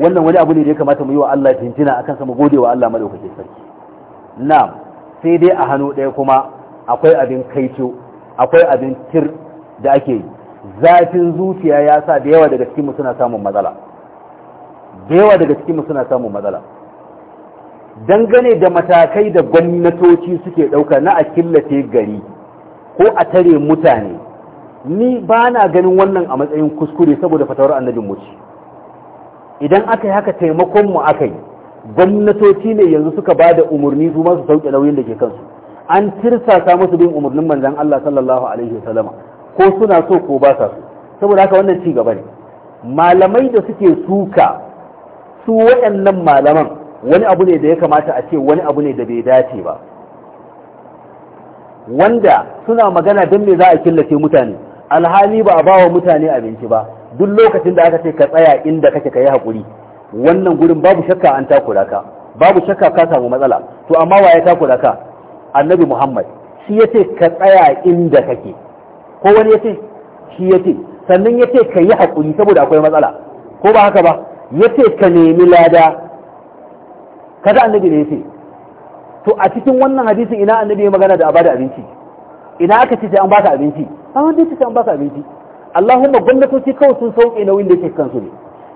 wannan wani abu ne da ya kamata mu yi wa Allah tintina akan sa mu gode wa Allah madaukakin sarki na'am sai dai a hannu ɗaya kuma akwai abin kaito akwai abin tir da ake yi zafin zuciya ya sa da yawa daga cikin mu suna samun matsala da yawa daga cikin suna samun matsala dangane da matakai da gwamnatoci suke ɗauka na a killace gari ko a tare mutane ni ba na ganin wannan a matsayin kuskure saboda fatawar annabin muci idan aka yi haka mu aka yi gwamnatoci ne yanzu suka ba da umarni su masu sauke nauyin da ke kansu an tirsasa musu bin umarnin manzan Allah sallallahu alaihi wasallama ko suna so ko ba sa saboda haka wannan ci gaba ne malamai da suke suka su wayannan malaman wani abu ne da ya kamata a ce wani abu ne da bai dace ba wanda suna magana don me za a killace mutane alhali ba a ba wa mutane abinci ba duk lokacin da aka ce ka tsaya inda kake ka yi haƙuri wannan gurin babu shakka an takura ka babu shakka ka samu matsala to amma wa ya takura ka annabi muhammad shi ya ce ka tsaya inda kake ko wani ya ce shi ya ce sannan ya ce ka yi haƙuri saboda akwai matsala ko ba haka ba ya ce ka nemi lada kada annabi ne yace to a cikin wannan hadisin ina annabi ya magana da a bada abinci ina aka ce sai an baka abinci a wanda ya ce an baka abinci Allahumma gwamnatoci kawai sun sauke nauyin da yake kansu ne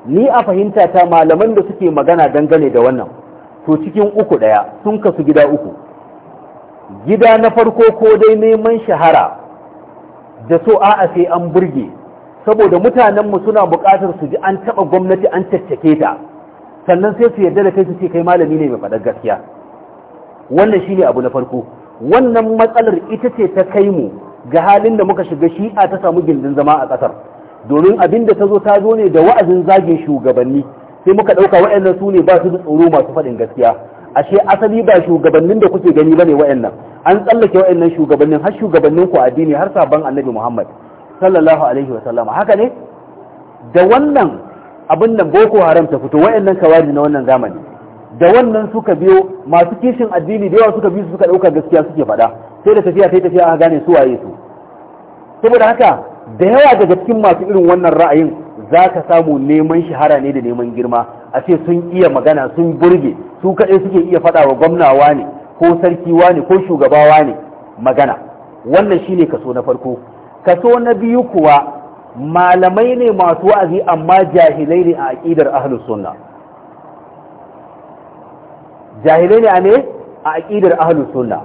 ni a fahimta ta malaman da suke magana dangane da wannan to cikin uku daya sun kasu gida uku gida na farko ko dai neman shahara da so a'a sai an burge saboda mutanenmu suna buƙatar su ji an taɓa gwamnati an caccake ta sannan sai su yarda da kai su ce kai malami ne mai faɗar gaskiya wannan shine abu na farko wannan matsalar ita ce ta kai mu ga halin da muka shiga shi'a ta samu gindin zama a ƙasar domin abin da ta zo ta zo ne da wa'azin zagin shugabanni sai muka ɗauka wa'annan su ne ba su da tsoro masu faɗin gaskiya ashe asali ba shugabannin da kuke gani bane wa'annan an tsallake wa'annan shugabannin har shugabannin ku addini har sabon annabi Muhammad sallallahu alaihi wa sallama haka ne da wannan abin nan boko haram ta fito wayannan kawari na wannan zamani da wannan suka biyo masu kishin addini da yawa suka bi su suka dauka gaskiya suke faɗa sai da tafiya sai tafiya aka gane su waye su saboda haka da yawa daga cikin masu irin wannan ra'ayin za ka samu neman shahara ne da neman girma a ce sun iya magana sun burge su kaɗai suke iya faɗa wa gwamnawa ne ko sarkiwa ne ko shugabawa ne magana wannan shine kaso na farko kaso na biyu kuwa malamai ne masu wa'azi amma jahilai ne a aƙidar ahalus sunna jahilai ne a ne a aƙidar ahalus sunna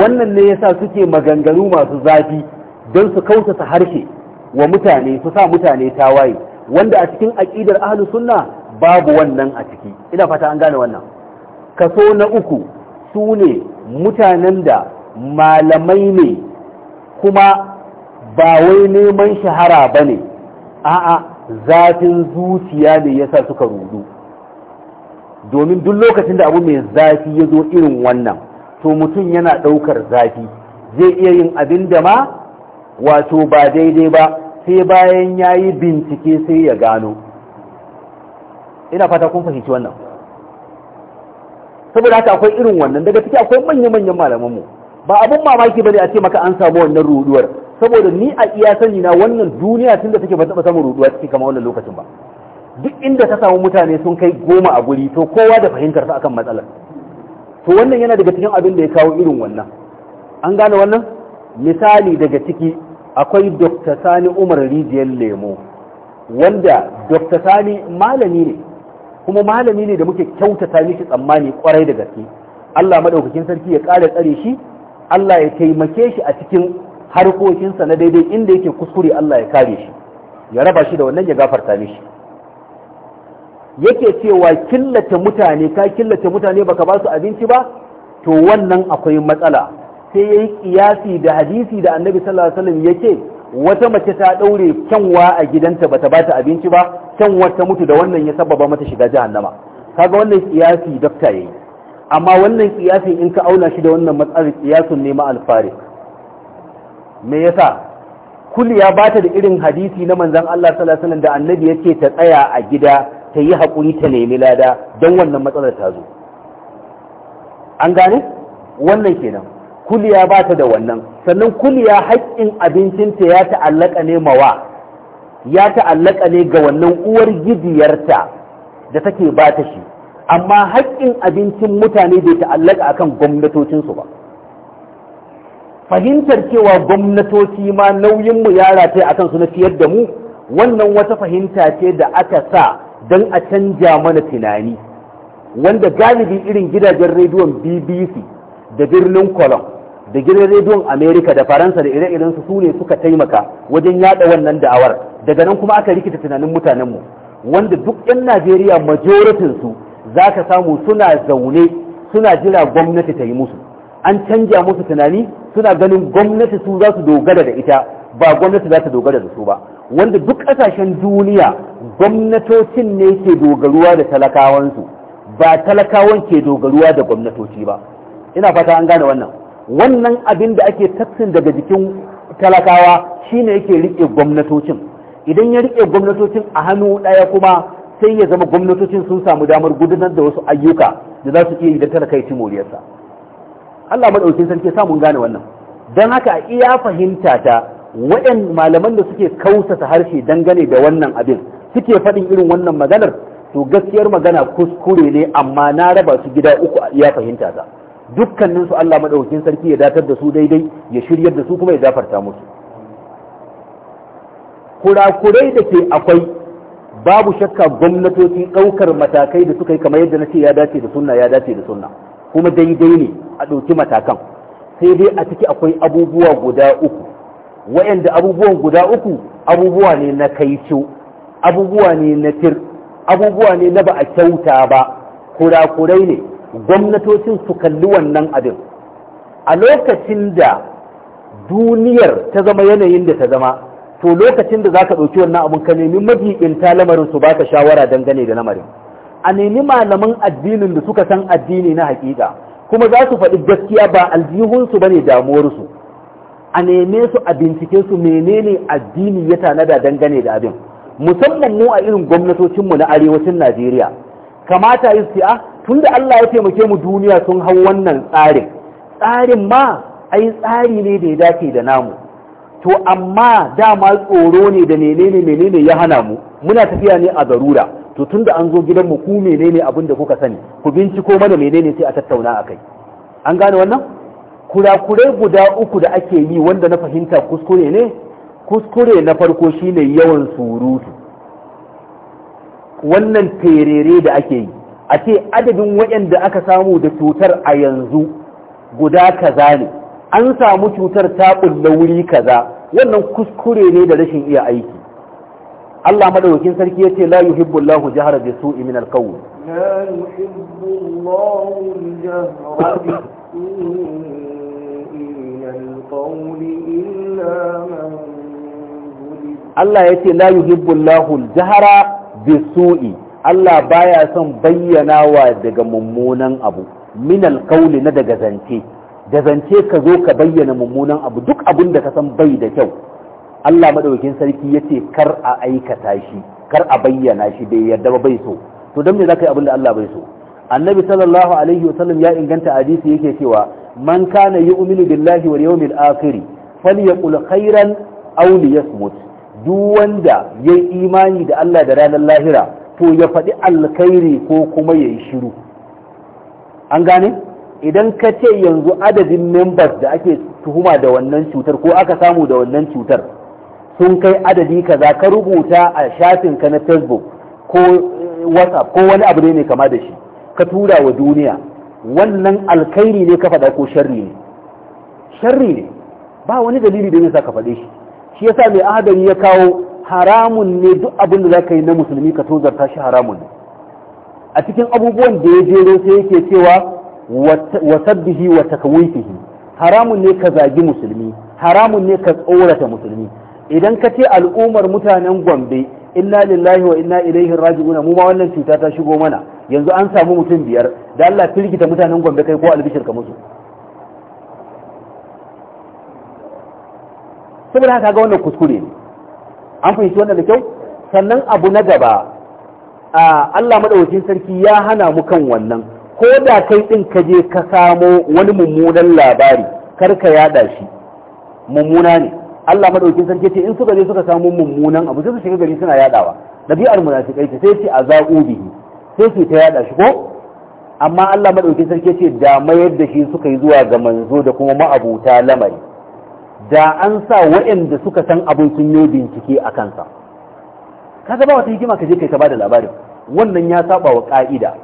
wannan ne yasa suke maganganu masu zafi don su kautata harshe wa mutane su sa mutane tawaye wanda a cikin aƙidar ahalus sunna babu wannan a ciki ina fata an gane wannan kaso na uku su ne mutanen da malamai ne kuma ba wai neman shahara ba ne a'a zafin zuciya ne ya sa suka rudu domin duk lokacin da abu mai zafi ya zo irin wannan to mutum yana ɗaukar zafi zai iya yin abin da ma wato ba daidai ba sai bayan ya yi bincike sai ya gano ina fata kun fahimci wannan saboda haka akwai irin wannan daga ciki akwai manya-manyan malamanmu ba abin mamaki ba ne a ce maka an samu wannan ruduwar saboda ni a iya sani na wannan duniya tun da take ba taɓa samun ruduwa cikin kama wannan lokacin ba duk inda ta samu mutane sun kai goma a guri to kowa da fahimtar sa akan matsalar to wannan yana daga cikin abin da ya kawo irin wannan an gane wannan misali daga ciki akwai dr sani umar rijiyar lemo wanda dr sani malami ne kuma malami ne da muke kyautata mishi tsammani kwarai da gaske allah madaukakin sarki ya ƙara tsare shi allah ya taimake shi a cikin harkokinsa na daidai inda yake kuskure Allah ya kare shi ya raba shi da wannan ya gafarta mishi yake cewa killata mutane ka killata mutane baka ba su abinci ba to wannan akwai matsala sai yayi kiyasi da hadisi da Annabi sallallahu alaihi wasallam yake wata mace ta daure kyanwa a gidanta bata bata abinci ba Kyanwar ta mutu da wannan ya sababa mata shiga jahannama kaga wannan kiyasi dakta yayi amma wannan kiyasin in ka auna shi da wannan matsalar kiyasun ne ma alfarik me yasa kulliya ba ta da irin hadisi na manzon Allah sallallahu alaihi da annabi yake ta tsaya a gida ta yi hakuri ta nemi lada don wannan matsalar ta zo an gane wannan kenan kulliya ba ta da wannan sannan kulliya haƙƙin abincin ta ya ta'allaka ne mawa ya ta'allaka ne ga wannan uwar gidiyarta da take ba ta shi amma haƙƙin abincin mutane bai ta'allaka akan gwamnatocinsu ba fahimtar cewa gwamnatoci ma nauyinmu ya rataye a kansu na siyar da mu wannan wata fahimta ce da aka sa don a canja mana tunani wanda galibi irin gidajen rediyon bbc da birnin kolon da gidan rediyon Amerika da faransa da ire irinsu su ne suka taimaka wajen yada wannan da'awar daga nan kuma aka rikita tunanin mutanenmu wanda duk 'yan najeriya majoritinsu za ka samu suna zaune suna jira gwamnati ta yi musu an canja musu tunani suna ganin gwamnati su za su dogara da ita ba gwamnati za ta dogara da su ba wanda duk ƙasashen duniya gwamnatocin ne ke dogaruwa da talakawansu ba talakawan ke dogaruwa da gwamnatoci ba ina fata an gane wannan wannan abin da ake tafsin daga jikin talakawa shine yake rike gwamnatocin idan ya riƙe gwamnatocin a hannu ɗaya kuma sai ya zama gwamnatocin sun samu damar gudanar da wasu ayyuka da za su iya yi da talaka moriyarsa Allah madaukin sarki sa mun gane wannan don haka a iya fahimta ta waɗan malaman da suke kausata harshe dangane da wannan abin suke faɗin irin wannan maganar to gaskiyar magana kuskure ne amma na raba su gida uku a iya fahimta ta dukkanin su Allah maɗaukin sarki ya datar da su daidai ya shiryar da su kuma ya zafarta musu kurakurai da ke akwai babu shakka gwamnatoci ɗaukar matakai da suka yi kamar yadda na ce ya dace da sunna ya dace da sunna kuma daidai ne a ɗauki matakan sai dai a ciki akwai abubuwa guda uku wa'yanda abubuwan guda uku abubuwa ne na kaico abubuwa ne na tir abubuwa ne na ba a kyauta ba kurakurai ne gwamnatocin su kalli wannan abin a lokacin da duniyar ta zama yanayin da ta zama to lokacin da za ka ɗauki wannan abin ka nemi majiɓinta lamarin su baka shawara dangane da lamarin a nemi malaman addinin da suka san addini na hakika kuma za su faɗi gaskiya ba aljihunsu ba ne damuwarsu a neme su a bincike su menene addini ya tanada dangane da abin musamman mu a irin gwamnatocinmu na arewacin najeriya kamata yi su ah, tun da allah ya taimake mu duniya sun hau wannan tsarin tsarin ma ai tsari ne da ya dace da namu to amma dama tsoro ne da menene menene ya hana mu muna tafiya ne a garura to tun da an zo gidan mu ku menene abin da kuka sani ku binciko mana menene sai a tattauna akai an gane wannan kurakurai guda uku da ake yi wanda na fahimta kuskure ne kuskure na farko shine yawan surutu wannan terere da ake yi a ce adadin waɗanda aka samu da cutar a yanzu guda kaza ne an samu cutar ta ɓulla kaza wannan kuskure ne da rashin iya aiki Allah madaukakin sarki yace la yuhibbu Allahu jahra bi su'i min al-qawl la yuhibbu Allahu al-jahra bi su'i min al-qawl illa man Allah yace la yuhibbu Allahu al-jahra bi su'i Allah baya son bayyanawa daga mummunan abu min al na daga zance da zance ka zo ka bayyana mummunan abu duk abin da ka san bai da kyau Allah madaukakin sarki yace kar a aikata shi kar a bayyana shi bai yarda ba bai so to dan me zaka yi abin da Allah bai so annabi sallallahu alaihi wasallam ya inganta hadisi yake cewa man kana yu'minu billahi wal yawmil akhir falyaqul khairan aw liyasmut duk wanda yayi imani da Allah da ranar lahira to ya faɗi alkhairi ko kuma yayi shiru an gane idan ka ce yanzu adadin members da ake tuhuma da wannan cutar ko aka samu da wannan cutar sun kai adadi kaza ka rubuta a shafin ka na facebook ko whatsapp ko wani abu ne mai kama da shi ka tura wa duniya wannan alkhairi ne ka faɗa ko sharri ne sharri ne ba wani dalili da yasa ka faɗe shi shi yasa mai ahadari ya kawo haramun ne duk abin da zaka yi na musulmi ka tozarta shi haramun ne a cikin abubuwan da ya jero sai yake cewa wa sabbihi wa takawifihi haramun ne ka zagi musulmi haramun ne ka tsorata musulmi idan ka ce al'ummar mutanen gombe inna lillahi wa inna ilaihi raji'una mu ma wannan cuta ta shigo mana yanzu an samu mutum biyar da Allah firgita mutanen gombe kai ko albishir ka musu saboda haka ga wannan kuskure ne an fahimci wannan da kyau sannan abu na gaba a Allah madaukakin sarki ya hana mu kan wannan ko da kai din ka je ka samo wani mummunan labari kar ka yada shi mummuna ne Allah madaukin sarki ce in suka je suka samu mummunan abu sai su shiga gari suna yadawa dabi'ar munafikai ce sai ce a zaqu bihi sai su ta yada shi ko amma Allah madaukin sarki ce da mayar da shi suka yi zuwa ga manzo da kuma ma'abuta lamari da an sa wa'anda suka san abin sun yi bincike a kansa kaga ba wata hikima ka je kai ka bada labarin wannan ya saba wa ka'ida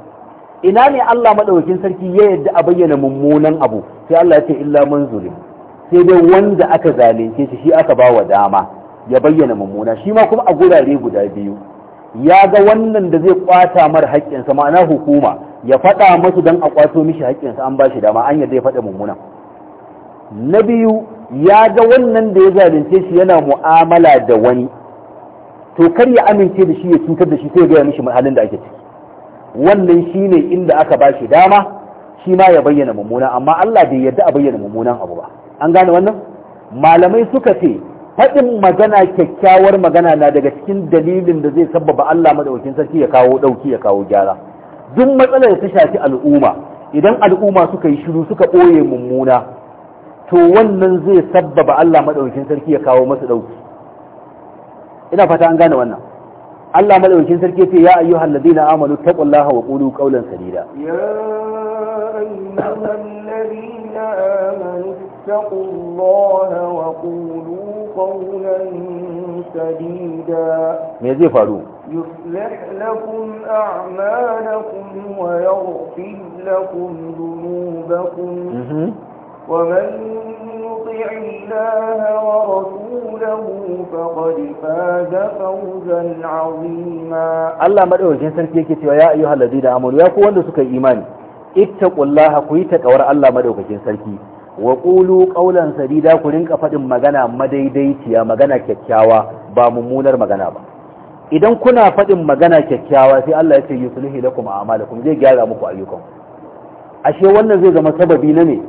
ina ne Allah madaukin sarki ya yadda a bayyana mummunan abu sai Allah ya ce illa man sai dai wanda aka zalunce shi shi aka ba wa dama ya bayyana mummuna shi ma kuma a gurare guda biyu ya ga wannan da zai kwata mar haƙƙinsa ma'ana hukuma ya faɗa masu don a kwato mishi haƙƙinsa an ba shi dama an yadda ya faɗa mummuna na biyu ya ga wannan da ya zalunce shi yana mu'amala da wani to kar ya amince da shi ya cutar da shi sai gaya mishi halin da ake ciki wannan shine inda aka ba shi dama shi ma ya bayyana mummuna amma Allah bai yadda a bayyana mummunan abu ba an gane wannan malamai suka ce faɗin magana kyakkyawar magana na daga cikin dalilin da zai sabbaba Allah madaukakin sarki ya kawo ɗauki ya kawo gyara duk matsalar da ta shafi al'umma idan al'umma suka yi shiru suka ɓoye mummuna to wannan zai sabbaba Allah madaukakin sarki ya kawo masa ɗauki ina fata an gane wannan Allah madaukakin sarki ce ya ayyuhal ladina amanu taqullaha wa qulu qawlan sadida ya ayyuhal ladina amanu واتقوا الله وقولوا قولا سديدا ماذا يفعلون يصلح لكم أعمالكم ويغفر لكم ذنوبكم ومن يطع الله ورسوله فقد فاز فوزا عظيما الله مدعوكين سنكيكي يا أيها الذين آمنوا يا قوة سكي إيماني ittaqullaha ku yi takawar Allah madaukakin sarki wa ƙulu ƙaunar sadida ku rinka faɗin magana madaidaiciya magana kyakkyawa ba mummunar magana ba idan kuna faɗin magana kyakkyawa sai Allah ya ce kuma lakum a'malakum zai gyara muku ayyukan ashe wannan zai zama sababi na ne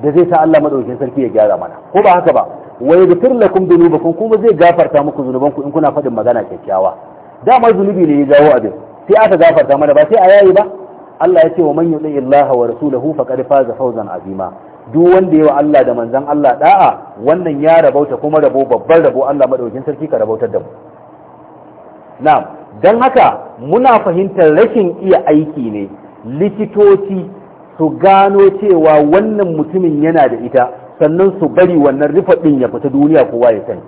da zai sa Allah madaukin sarki ya gyara mana ko ba haka ba wa yaghfir lakum dunubakum kuma zai gafarta muku zunubanku in kuna faɗin magana kyakkyawa dama zunubi ne ya jawo abin sai aka gafarta mana ba sai a yayi ba Allah ya ce wa man yuti Allah wa rasulahu faqad faza fawzan azima duk wanda ya yawa Allah da manzan Allah da'a wannan ya rabauta kuma rabo babbar rabo Allah madaukin sarki ka rabautar da mu na'am dan haka muna fahimtar rashin iya aiki ne likitoci su gano cewa wannan mutumin yana da ita sannan su bari wannan rufa ɗin ya fita duniya kowa ya sani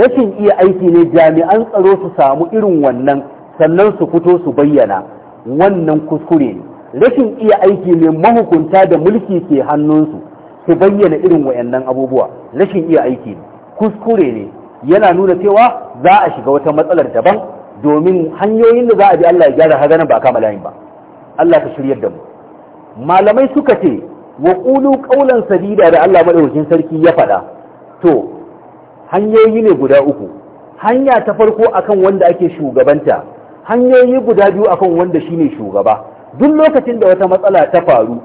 rashin iya aiki ne jami'an tsaro su samu irin wannan sannan su fito su bayyana wannan kuskure ne rashin iya aiki ne mahukunta da mulki ke hannunsu su bayyana irin wayannan abubuwa rashin iya aiki ne kuskure ne yana nuna cewa za a shiga wata matsalar daban domin hanyoyin da za a bi Allah ya gyara haganan ba kama layin ba Allah ka shiryar da mu malamai suka ce wa qulu qawlan sadida da Allah madaukakin sarki ya faɗa to hanyoyi ne guda uku hanya ta farko akan wanda ake shugabanta hanyoyi guda biyu akan wanda shine shugaba duk lokacin da wata matsala ta faru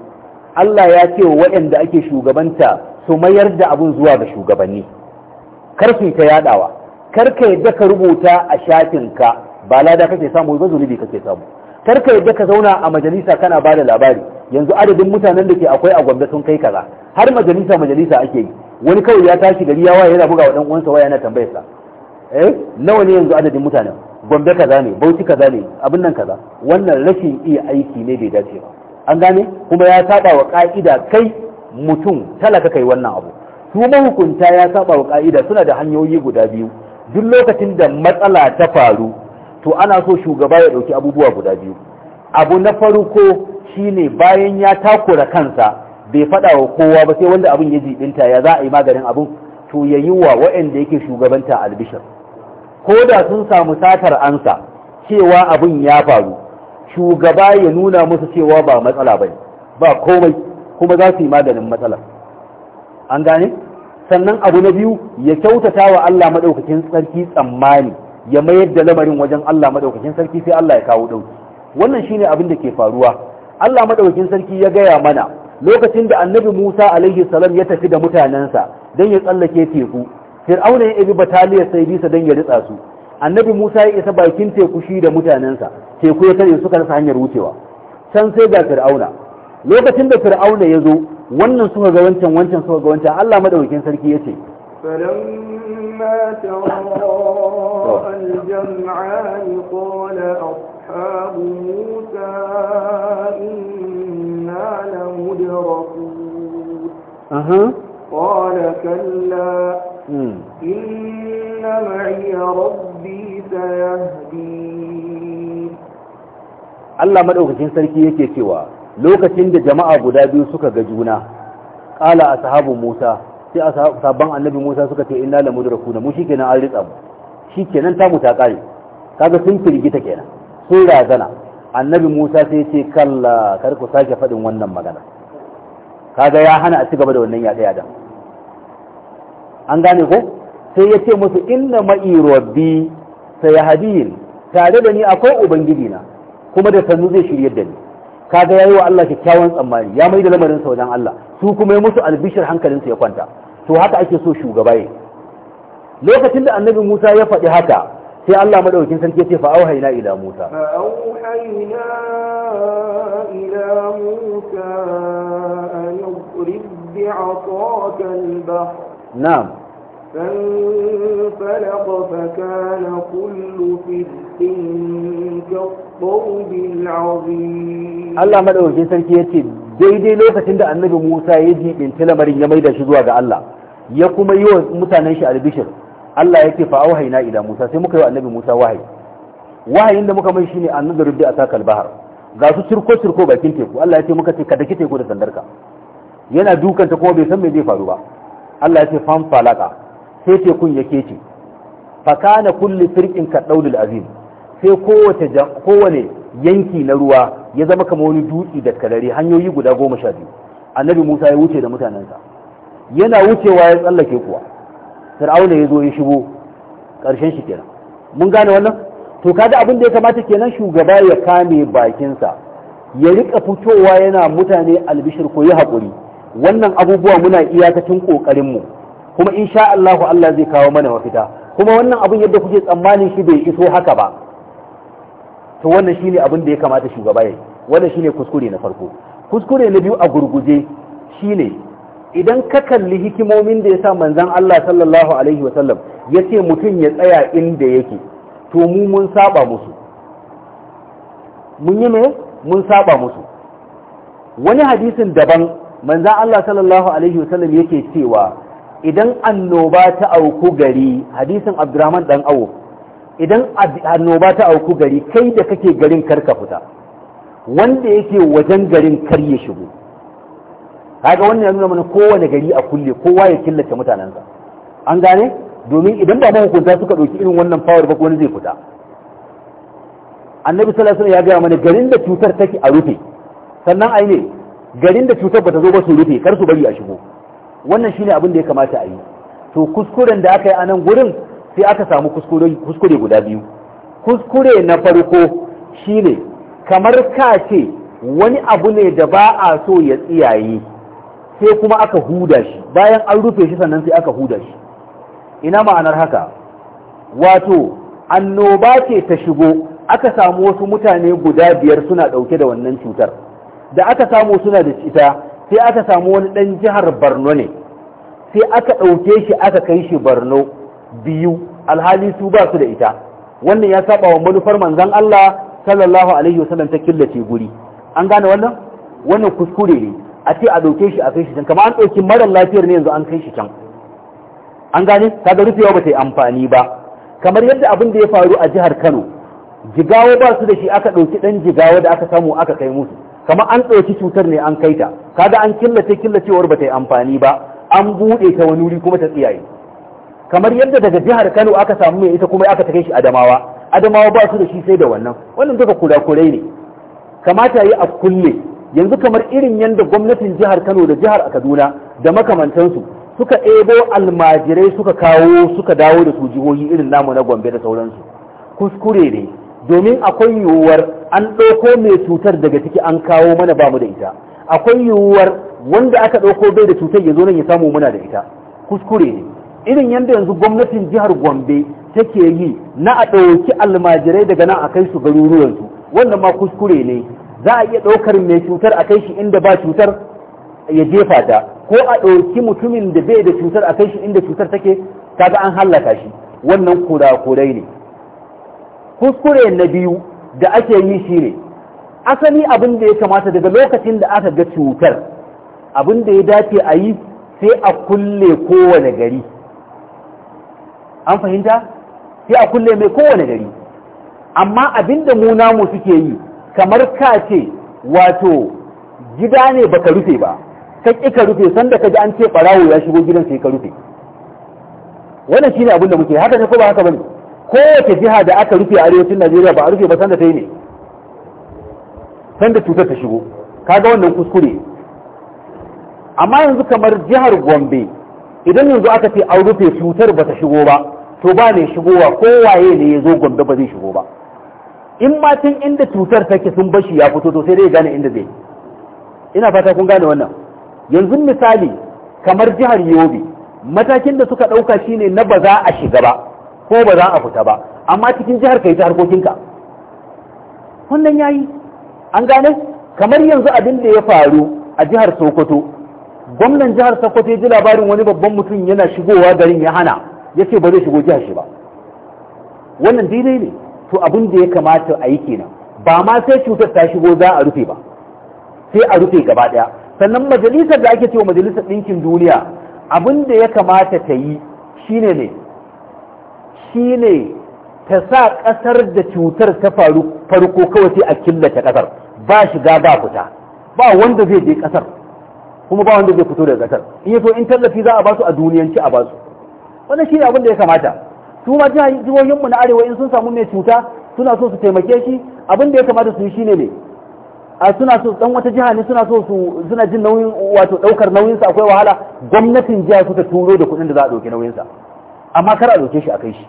Allah ya ce wa waɗanda ake shugabanta su mayar da abin zuwa ga shugabanni kar ta yadawa kar ka yadda ka rubuta a shafinka ba lada kake samu ba zunubi kake samu kar yadda ka zauna a majalisa kana ba da labari yanzu adadin mutanen da ke akwai a gwamnati sun kai kaza har majalisa majalisa ake yi wani kawai ya tashi gari ya waye yana buga wa dan uwansa waya yana tambayarsa eh nawa ne yanzu adadin mutanen gombe kaza ne bauchi kaza ne abin nan kaza wannan rashin iya aiki ne bai dace ba an gane kuma ya saba wa ka'ida kai mutum talaka kai wannan abu su hukunta ya saba wa ka'ida suna da hanyoyi guda biyu duk lokacin da matsala ta faru to ana so shugaba ya dauki abubuwa guda biyu abu na farko shine bayan ya takura kansa bai faɗa wa kowa ba sai wanda abin ya jibinta ya za a yi maganin abin to ya yi wa waɗanda yake shugabanta albishir ko da sun samu satar ansa cewa abin ya faru shugaba ya nuna musu cewa ba matsala ba ba komai kuma za su yi maganin matsala an gane sannan abu na biyu ya kyautata wa Allah madaukakin sarki tsammani ya mayar da lamarin wajen Allah madaukakin sarki sai Allah ya kawo dauki wannan shine abin da ke faruwa Allah madaukakin sarki ya gaya mana lokacin da annabi Musa alaihi salam ya tafi da mutanensa don ya tsallake teku fir'auna ya bi bataliyar sai bisa don ya ritsa su annabi musa ya isa bakin teku shi da mutanensa teku ya tare suka rasa hanyar wucewa can sai ga fir'auna lokacin da fir'auna ya zo wannan suka ga wancan wancan suka ga wancan allah madaukakin sarki ya ce قال كلا إن معي ربي سيهدين الله مدعوكتين سركي يكي كوا لوكتين دا جماعة قدابي سكا جونا قال أصحاب موسى sai a sabon annabi Musa suka ce inna na mu shikenan an ritsa mu shikenan ta muta kare kaga sun firgita kenan sun razana annabi Musa sai ya ce kalla kar ku sake fadin wannan magana kaga ya hana a cigaba da wannan yaɗe yaɗen an gane ko sai ya ce musu inna ma'i rabbi sayahdiin tare da ni akwai ubangiji na kuma da sannu zai shiryar da ni kaga yayi wa Allah kyakkyawan tsammani ya mai da lamarin sa wajen Allah su kuma ya musu albishir hankalin su ya kwanta to haka ake so shugaba ya lokacin da annabi Musa ya faɗi haka sai Allah madaukakin sarki ya ce fa auhayna ila Musa fa auhayna ila Musa بعطاك البحر نعم فانفلق فكان كل فرق كالطوب العظيم الله مدعو جيسر كيتي daidai lokacin da annabi Musa ya jibinci lamarin ya maida shi zuwa ga Allah ya kuma yi wa mutanen shi albishir Allah ya ce fa'au haina ila Musa sai muka yi wa annabi Musa wahayi da muka mai shine annabi rubbi a sakal bahar ga su cirko cirko bakin teku Allah ya ce muka ce ka daki teku da sandarka yana dukanta kuma bai san me zai faru ba Allah ya ce fan falaka sai tekun ya kece fakana kulli firqin ka daulul azim sai kowace kowane yanki na ruwa ya zama kamar wani dutse da kalare hanyoyi guda goma sha biyu annabi Musa ya wuce da mutanensa yana wucewa ya tsallake kuwa fir'auna ya zo ya shigo ƙarshen shi kenan mun gane wannan to kaga abin da ya kamata kenan shugaba ya kame bakinsa ya rika fitowa yana mutane albishir ko ya haƙuri wannan abubuwa muna iyakacin ƙoƙarinmu kuma sha Allah Allah zai kawo mana mafita kuma wannan abin yadda kuke tsammanin shi bai iso haka ba to wannan shine abin da ya kamata shugaba ya wannan shine kuskure na farko kuskure na biyu a gurguje shine idan ka kalli hikimomin da yasa manzon Allah sallallahu alaihi wasallam ya ce mutum ya tsaya inda yake to mu mun saba musu mun yi me mun saba musu wani hadisin daban manza Allah sallallahu alaihi wasallam yake cewa idan annoba ta auku gari hadisin Abdurrahman dan Awu idan annoba ta auku gari kai da kake garin karka fita wanda yake wajen garin kar ya shigo kaga wannan ya nuna mana kowane gari a kulle kowa ya killace mutanensa an gane domin idan ba mahukunta suka ɗauki irin wannan power ba wani zai fita annabi sallallahu alaihi wasallam ya gaya mana garin da cutar take a rufe sannan ai ne garin da cutar bata zo ba su rufe kar su bari a shigo wannan shine abin da ya kamata a yi to kuskuren da aka yi a nan gurin sai aka samu kuskure guda biyu kuskure na farko shine kamar ka ce wani abu ne da ba a so ya tsiyaye sai kuma aka huda shi bayan an rufe shi sannan sai aka huda shi ina ma'anar haka wato annoba ce ta shigo aka samu wasu mutane guda biyar suna ɗauke da wannan cutar da aka samu suna da ita sai aka samu wani ɗan jihar Borno ne sai aka ɗauke shi aka kai shi Borno biyu alhali su ba su da ita wannan ya saba wa manufar manzon Allah sallallahu alaihi wasallam ta killace guri an gane wannan wannan kuskure ne a ce a ɗauke shi a kai shi can kamar an ɗauki marar lafiyar ne yanzu an kai shi can an gane kaga rufewa ba ta yi amfani ba kamar yadda abin da ya faru a jihar Kano jigawa ba su da shi aka ɗauki ɗan jigawa da aka samu aka kai musu kamar an ɗauki cutar ne an kaita kaga an killace killacewar ba ta yi amfani ba an buɗe ta wani wuri kuma ta tsiyaye kamar yadda daga jihar Kano aka samu mai ita kuma aka take shi Adamawa Adamawa ba su da shi sai da wannan wannan duka kurakurai ne kamata yi a kulle yanzu kamar irin yadda gwamnatin jihar Kano da jihar Kaduna da makamantansu suka ɗebo almajirai suka kawo suka dawo da su jihohi irin namu na Gombe da sauransu kuskure ne domin akwai yiwuwar an ɗauko mai cutar daga ciki an kawo mana ba mu da ita akwai yiwuwar wanda aka ɗauko bai da cutar ya zo nan ya samu muna da ita kuskure ne irin yadda yanzu gwamnatin jihar gombe take yi na a ɗauki almajirai daga nan a kai su garuruwansu wannan ma kuskure ne za a iya ɗaukar mai cutar a kai shi inda ba cutar ya jefa ta ko a ɗauki mutumin da bai da cutar a kai shi inda cutar take kaga an hallaka shi wannan kurakurai ne kuskure na biyu da ake yi shi ne asali abin da ya kamata daga lokacin da aka ga cutar abin da ya dace a yi sai a kulle kowane gari an fahimta sai a kulle mai kowane gari amma abin da mu namu suke yi kamar ka ce wato gida ne baka rufe ba ka ƙi ka rufe sanda ka ji an ce ɓarawo ya shigo gidan sai ka rufe wannan shi ne abin da muke haka ne ko ba haka bane kowace jiha da aka rufe a arewacin najeriya ba a rufe ba sanda ta yi ne sanda cutar ta shigo kaga wannan kuskure amma yanzu kamar jihar gombe idan yanzu aka ce an rufe cutar ba ta shigo ba to ba ne shigowa kowaye ne ya zo gombe ba zai shigo ba in ma tun inda cutar take sun bashi ya fito to sai dai gane inda zai ina fata kun gane wannan yanzu misali kamar jihar yobe matakin da suka ɗauka shine na ba za a shiga ba ko ba za a fita ba amma cikin jihar ka yi ta harkokinka wannan ya yi an gane kamar yanzu abin da ya faru a jihar sokoto gwamnan jihar sokoto ya ji labarin wani babban mutum yana shigowa garin ya hana ya ce ba zai shigo jihar shi ba wannan daidai ne to abin da ya kamata a yi kenan ba ma sai cutar ta shigo za a rufe ba sai a rufe gaba daya sannan majalisar da ake cewa majalisar ɗinkin duniya abin da ya kamata ta yi shine ne shine ta sa ƙasar da cutar ta faru farko kawai sai a killace ƙasar ba shiga ba fita ba wanda zai je ƙasar kuma ba wanda zai fito daga ƙasar in to in tallafi za a ba su a duniyanci a ba su wannan shine abin da ya kamata su ma jihohin mu na arewa in sun samu mai cuta suna so su taimake shi abin da ya kamata su yi shi ne a suna so dan wata jiha ne suna so su suna jin nauyin wato daukar nauyin sa akwai wahala gwamnatin jiha suka turo da kuɗin da za a dauke nauyin sa amma kar a dauke shi a kai shi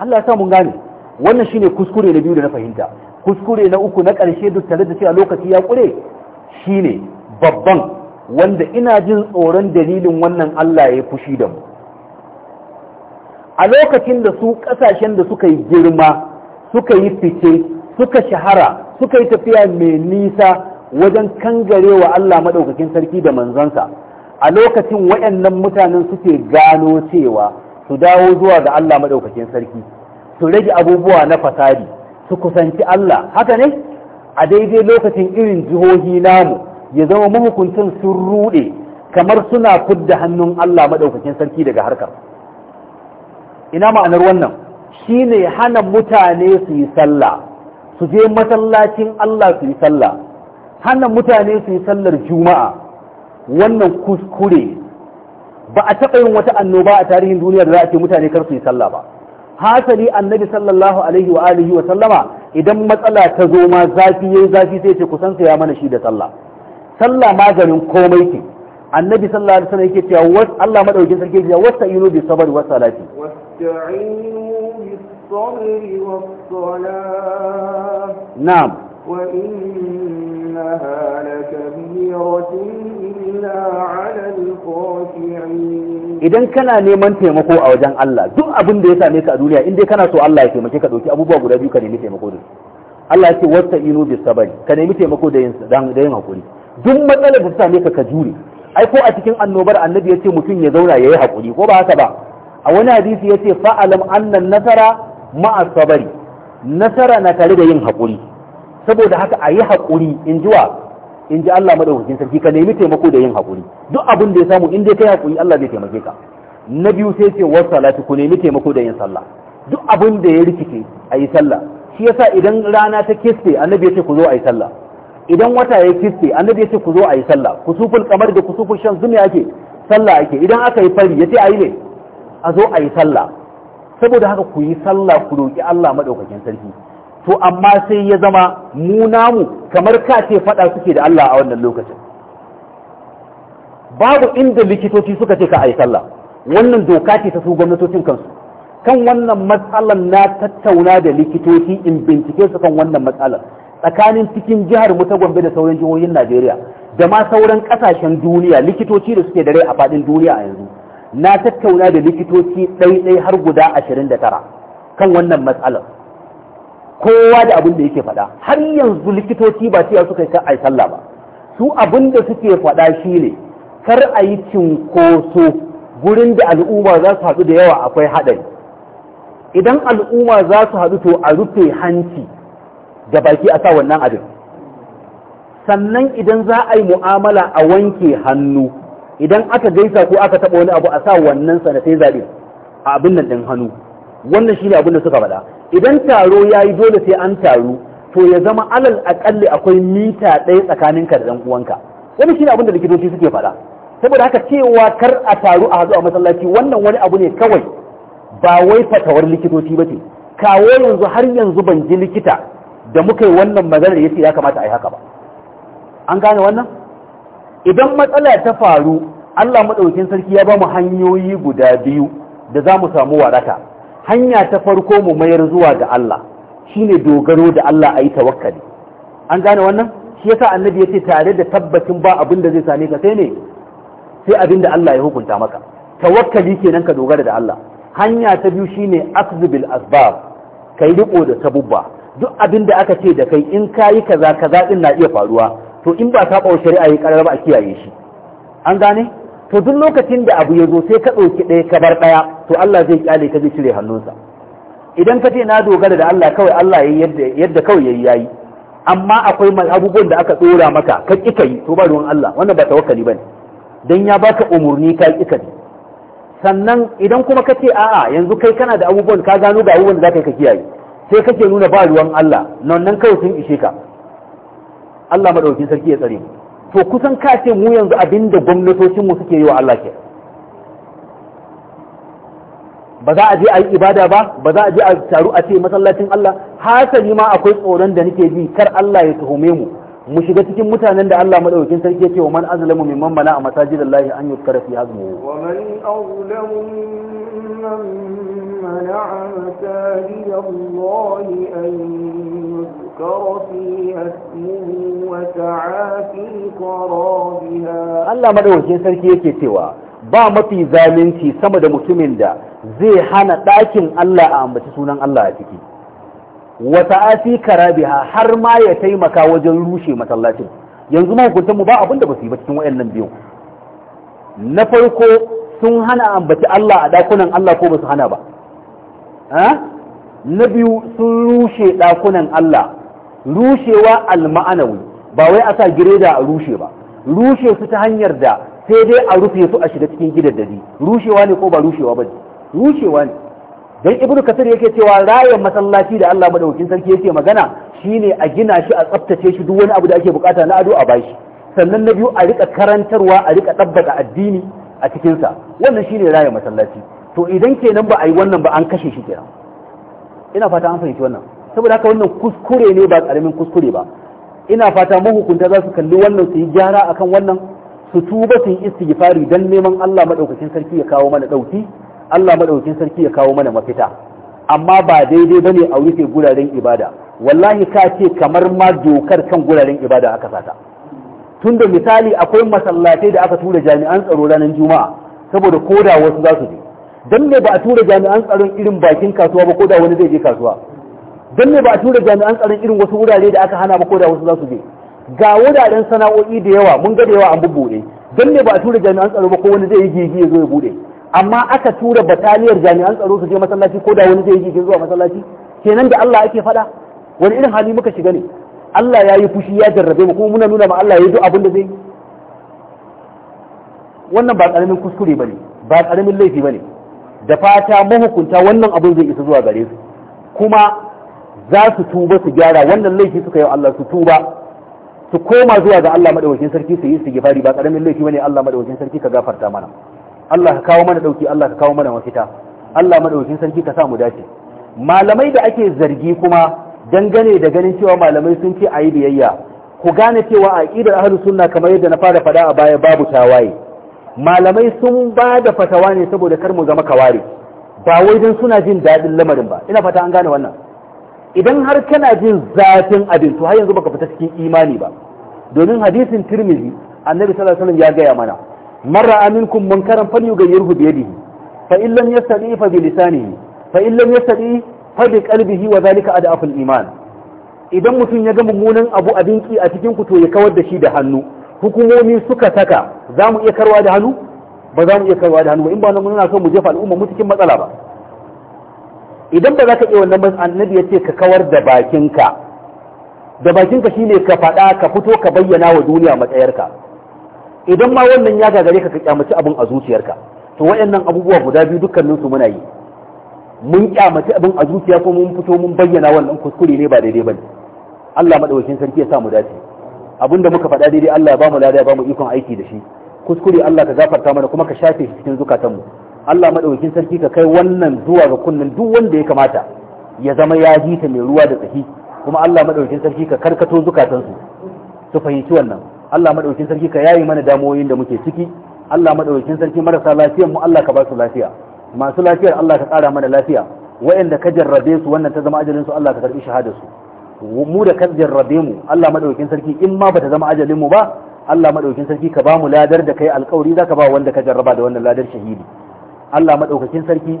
Allah ya sa mun gane wannan shine kuskure na biyu da na fahimta kuskure na uku na ƙarshe duk tare da cewa lokaci ya ƙure shine babban wanda ina jin tsoron dalilin wannan Allah ya fushi da mu a lokacin da su ƙasashen da suka yi girma suka yi fice suka shahara suka yi tafiya mai nisa wajen kangarewa Allah maɗaukakin sarki da manzansa a lokacin waɗannan mutanen suke gano cewa su dawo zuwa ga Allah maɗaukakin sarki su rage abubuwa na fasadi su kusanci Allah haka ne a daidai lokacin irin jihohi namu ya zama mahukuntun sun rude kamar suna kudda hannun Allah maɗaukakin sarki daga harkar ina ma'anar wannan shine hana mutane su yi sallah su je masallacin Allah su yi sallah hana mutane su yi sallar juma'a wannan kuskure ba a taɓa yin wata annoba a tarihin duniya da za a ce mutane kar su yi sallah ba hasali annabi sallallahu alaihi wa alihi wa sallama idan matsala ta zo ma zafi yayi zafi sai ce kusan ya mana shi da sallah sallah maganin komai ke annabi sallallahu alaihi wasallam yake cewa was Allah madaukin sarki yake cewa wasta'inu bis sabr was salati wasta'inu bis sabr was salat na'am وإنها لكبيرة إلا على الخاشعين idan kana neman taimako a wajen Allah duk abin da ya same ka a duniya in dai kana so Allah ya taimake ka dauki abubuwa guda biyu ka nemi taimako da Allah ya ce wasta inu bis sabr ka nemi taimako da yin da yin hakuri duk matsalar da ta same ka ka jure ai ko a cikin annobar annabi ya ce mutum ya zauna yayi hakuri ko ba haka ba a wani hadisi ya ce fa'alam annan nasara ma'a sabari nasara na tare da yin hakuri saboda haka a yi haƙuri in wa, in ji Allah madaukakin sarki ka nemi taimako da yin haƙuri duk abin da ya samu inda ya kai haƙuri Allah zai taimake ka na biyu sai ce wasu salati ku nemi taimako da yin sallah duk abin da ya rikice a yi sallah shi yasa idan rana ta kiste annabi ya ce ku zo a yi sallah idan wata ya kiste annabi ya ce ku zo a yi sallah kusuful kamar da kusuful shan zumi ake sallah ake idan aka yi fari ya ce a yi ne a zo a yi sallah saboda haka ku yi sallah ku roƙi Allah madaukakin sarki to amma sai ya zama mu namu kamar ka ce faɗa suke da Allah a wannan lokacin babu inda likitoci suka ce ka a sallah wannan doka ce ta su gwamnatocin kansu kan wannan matsalar na tattauna da likitoci in bincike su kan wannan matsalar tsakanin cikin jihar mu ta Gombe da sauran jihohin Najeriya da ma sauran kasashen duniya likitoci da suke da rai a fadin duniya a yanzu na tattauna da likitoci ɗaiɗai har guda ashirin da tara kan wannan matsalar kowa da abin da yake faɗa har yanzu likitoci ba cewa suka kan ai sallah ba su abin da suke faɗa shine kar a yi cinkoso gurin da al'umma za su haɗu da yawa akwai haɗari idan al'umma za su haɗu to a rufe hanci da baki a sa wannan abin sannan idan za a yi mu'amala a wanke hannu idan aka gaisa ko aka taɓa wani abu a sa wannan sanatai zaɓe a abin nan ɗin hannu wannan shine abin da suka faɗa idan taro ya yi dole sai an taru to ya zama alal akalli akwai mita ɗaya tsakaninka da ɗan uwanka wannan shine abin da likitoci suke faɗa saboda haka cewa kar a taru a hazo a masallaci wannan wani abu ne kawai ba wai fatawar likitoci ba ce kawo yanzu har yanzu ban ji likita da muka yi wannan maganar ya ya kamata a yi haka ba an gane wannan idan matsala ta faru Allah madaukin sarki ya ba mu hanyoyi guda biyu da za mu samu waraka hanya ta farko mu mayar zuwa ga Allah shine dogaro da Allah ayi tawakkali an gane wannan shi yasa annabi ya ce tare da tabbacin ba abin da zai same ka sai ne sai abin da Allah ya hukunta maka tawakkali kenan ka dogara da Allah hanya ta biyu shine akhdhu bil asbab kai riko da sabubba duk abin da aka ce da kai in kayi kaza kaza din na iya faruwa to in ba ta bawo shari'a yi karar ba a kiyaye shi an gane to duk lokacin da abu ya zo sai ka ɗauki ɗaya ka bar ɗaya to Allah zai kyale ka zai cire hannunsa idan ka ce na dogara da Allah kawai Allah ya yadda kawai ya yayi yayi amma akwai abubuwan da aka ɗora maka ka ƙi ka yi to ba ruwan Allah wannan ba tawakkali bane dan ya baka umurni ka ƙi ka sannan idan kuma ka ce a'a yanzu kai kana da abubuwan ka gano ga abubuwan da za ka yi ka kiyaye sai kake nuna ba ruwan Allah nan nan kawai sun ishe ka Allah madaukin sarki ya tsare mu to kusan ka ce mu yanzu abinda gwamnatocinmu suke yi wa Allah ke ba za a je a yi ibada ba ba za a je a taru a ce masallacin Allah hasali ma akwai tsoron da nake ji kar Allah ya tuhume mu mu shiga cikin mutanen da Allah madaukakin sarki yake wa man azlamu mimman bana a masajidillahi an yuzkara fi hazmu wa man azlamu mimman يذكر فيها sarki yake cewa ba mafi zalunci sama da mutumin da zai hana ɗakin Allah a ambaci sunan Allah a ciki wata afi karabiha har ma ya taimaka wajen rushe masallacin yanzu mahukuntan ba abin da ba su yi ba cikin wayannan biyu na farko sun hana ambaci Allah a ɗakunan Allah ko ba su hana ba na biyu sun rushe ɗakunan Allah rushewa alma'anawi ba wai a sa gireda a rushe ba rushe su ta hanyar da sai dai a rufe su a shiga cikin gidaddadi rushewa ne ko ba rushewa ba rushewa ne dan ibnu kasir yake cewa rayan masallaci da Allah madaukakin sarki yake magana shine a gina shi a tsaftace shi duk wani abu da ake bukata na ado a bashi sannan na biyu a rika karantarwa a rika dabbaka addini a cikin sa wannan shine rayan masallaci to idan kenan ba a yi wannan ba an kashe shi kenan ina fata an fahimci wannan saboda haka wannan kuskure ne ba karamin kuskure ba ina fata mahukunta za su kalli wannan su yi gyara akan wannan su tuba su yi istighfari dan neman Allah madaukakin sarki ya kawo mana dauki Allah madaukakin sarki ya kawo mana mafita amma ba daidai bane a wuce guraren ibada wallahi ka ce kamar ma dokar kan guraren ibada aka sata tunda misali akwai masallatai da aka tura jami'an tsaro ranar juma'a saboda koda wasu za su je dan ne ba a tura jami'an tsaron irin bakin kasuwa ba koda wani zai je kasuwa don ne ba a tura jami'an tsaron irin wasu wurare da aka hana ba ko da wasu za su je ga wuraren sana'o'i da yawa mun ga da yawa an bubbuɗe don ne ba a tura jami'an tsaro ba ko wani zai yi gigi ya zo ya bude amma aka tura bataliyar jami'an tsaro su je masallaci ko da wani zai yi gigi zuwa masallaci kenan da Allah ake faɗa wani irin hali muka shiga ne Allah ya yi fushi ya jarrabe mu kuma muna nuna ma Allah ya yi duk abin da zai yi wannan ba karamin kuskure bane ba ƙaramin laifi bane da fata mahukunta wannan abin zai isa zuwa gare su kuma za su tuba su gyara wannan laifi suka yi Allah su tuba su koma zuwa ga Allah madaukakin sarki su yi su gifari ba karamin laifi bane Allah madaukakin sarki ka gafarta mana Allah ka kawo mana dauki Allah ka kawo mana mafita Allah madaukakin sarki ka sa mu dace malamai da ake zargi kuma dangane da ganin cewa malamai sun ce ayi biyayya ku gane cewa aqidar ahlus sunna kamar yadda na fara fada a baya babu tawaye malamai sun ba da fatawa ne saboda kar mu zama kawari ba wai don suna jin daɗin lamarin ba ina fata an gane wannan idan har kana jin zafin abin to har yanzu baka fita cikin imani ba domin hadisin tirmizi annabi sallallahu alaihi wasallam ya gaya mana marra aminkum munkaran falyughayyirhu bi yadihi fa in lam yastati fa bi lisanihi fa in lam yastati fa bi qalbihi wa zalika iman idan mutum ya ga mummunan abu abin ki a cikin ku to ya kawar da shi da hannu hukumomi suka saka za mu iya karwa da hannu ba za mu iya karwa da hannu ba in ba nan muna so mu jefa al'umma mu cikin matsala ba idan ba za ka iya wannan ba annabi ya ce ka kawar da bakinka da bakinka shine ka faɗa ka fito ka bayyana wa duniya matsayarka idan ma wannan ya gagare ka ka kyamaci abin a zuciyarka to waɗannan abubuwa guda biyu dukkanin su muna yi mun kyamaci abin a zuciya ko mun fito mun bayyana wannan kuskure ne ba daidai bane Allah madaukakin sarki ya sa mu dace abinda muka faɗa daidai Allah ya ba mu lada ya ba mu ikon aiki da shi kuskure Allah ka gafarta mana kuma ka shafe shi cikin zukatanmu Allah maɗaukin sarki ka kai wannan zuwa ga kunnen duk wanda ya kamata ya zama ya ji ta mai ruwa da tsaki kuma Allah maɗaukin sarki ka karkato zukatansu su fahimci wannan Allah maɗaukin sarki ka yayi mana damuwoyin da muke ciki Allah maɗaukin sarki marasa lafiyar mu Allah ka ba su lafiya masu lafiyar Allah ka ƙara mana lafiya waɗanda ka jarrabe su wannan ta zama ajalin su Allah ka karbi shahadar su mu da ka jarrabe mu Allah maɗaukin sarki in ma bata zama ajalin mu ba Allah maɗaukin sarki ka ba mu ladar da kai alƙawari zaka ba wanda ka jarraba da wannan ladar shahidi Allah maɗaukakin sarki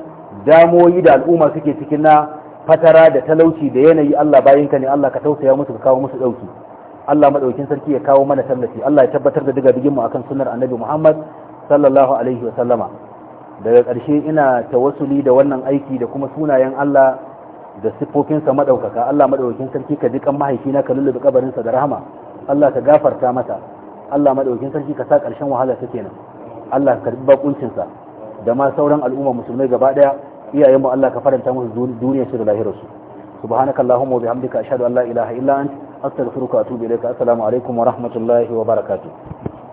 damoyi da al'umma suke cikin na fatara da talauci da yanayi Allah bayinka ne Allah ka tausaya musu ka kawo musu ɗauki Allah madaukakin sarki ya kawo mana tallafi Allah ya tabbatar da diga digin mu akan sunnar Annabi Muhammad sallallahu alaihi wa sallama daga ƙarshe ina tawassuli da wannan aiki da kuma sunayen Allah da siffofinsa madaukaka Allah madaukakin sarki ka ji kan mahaifina ka lulluɓe sa da rahama Allah ka gafarta mata Allah madaukakin sarki ka sa ƙarshen wahala take nan Allah ka karbi bakuncinsa da ma sauran al'umma musulmai gaba daya iyayen mu Allah ka faranta musu duniyar su da lahirar su subhanaka allahumma wa bihamdika ashhadu an la ilaha illa anta astaghfiruka wa atubu ilaika assalamu alaikum wa rahmatullahi wa barakatuh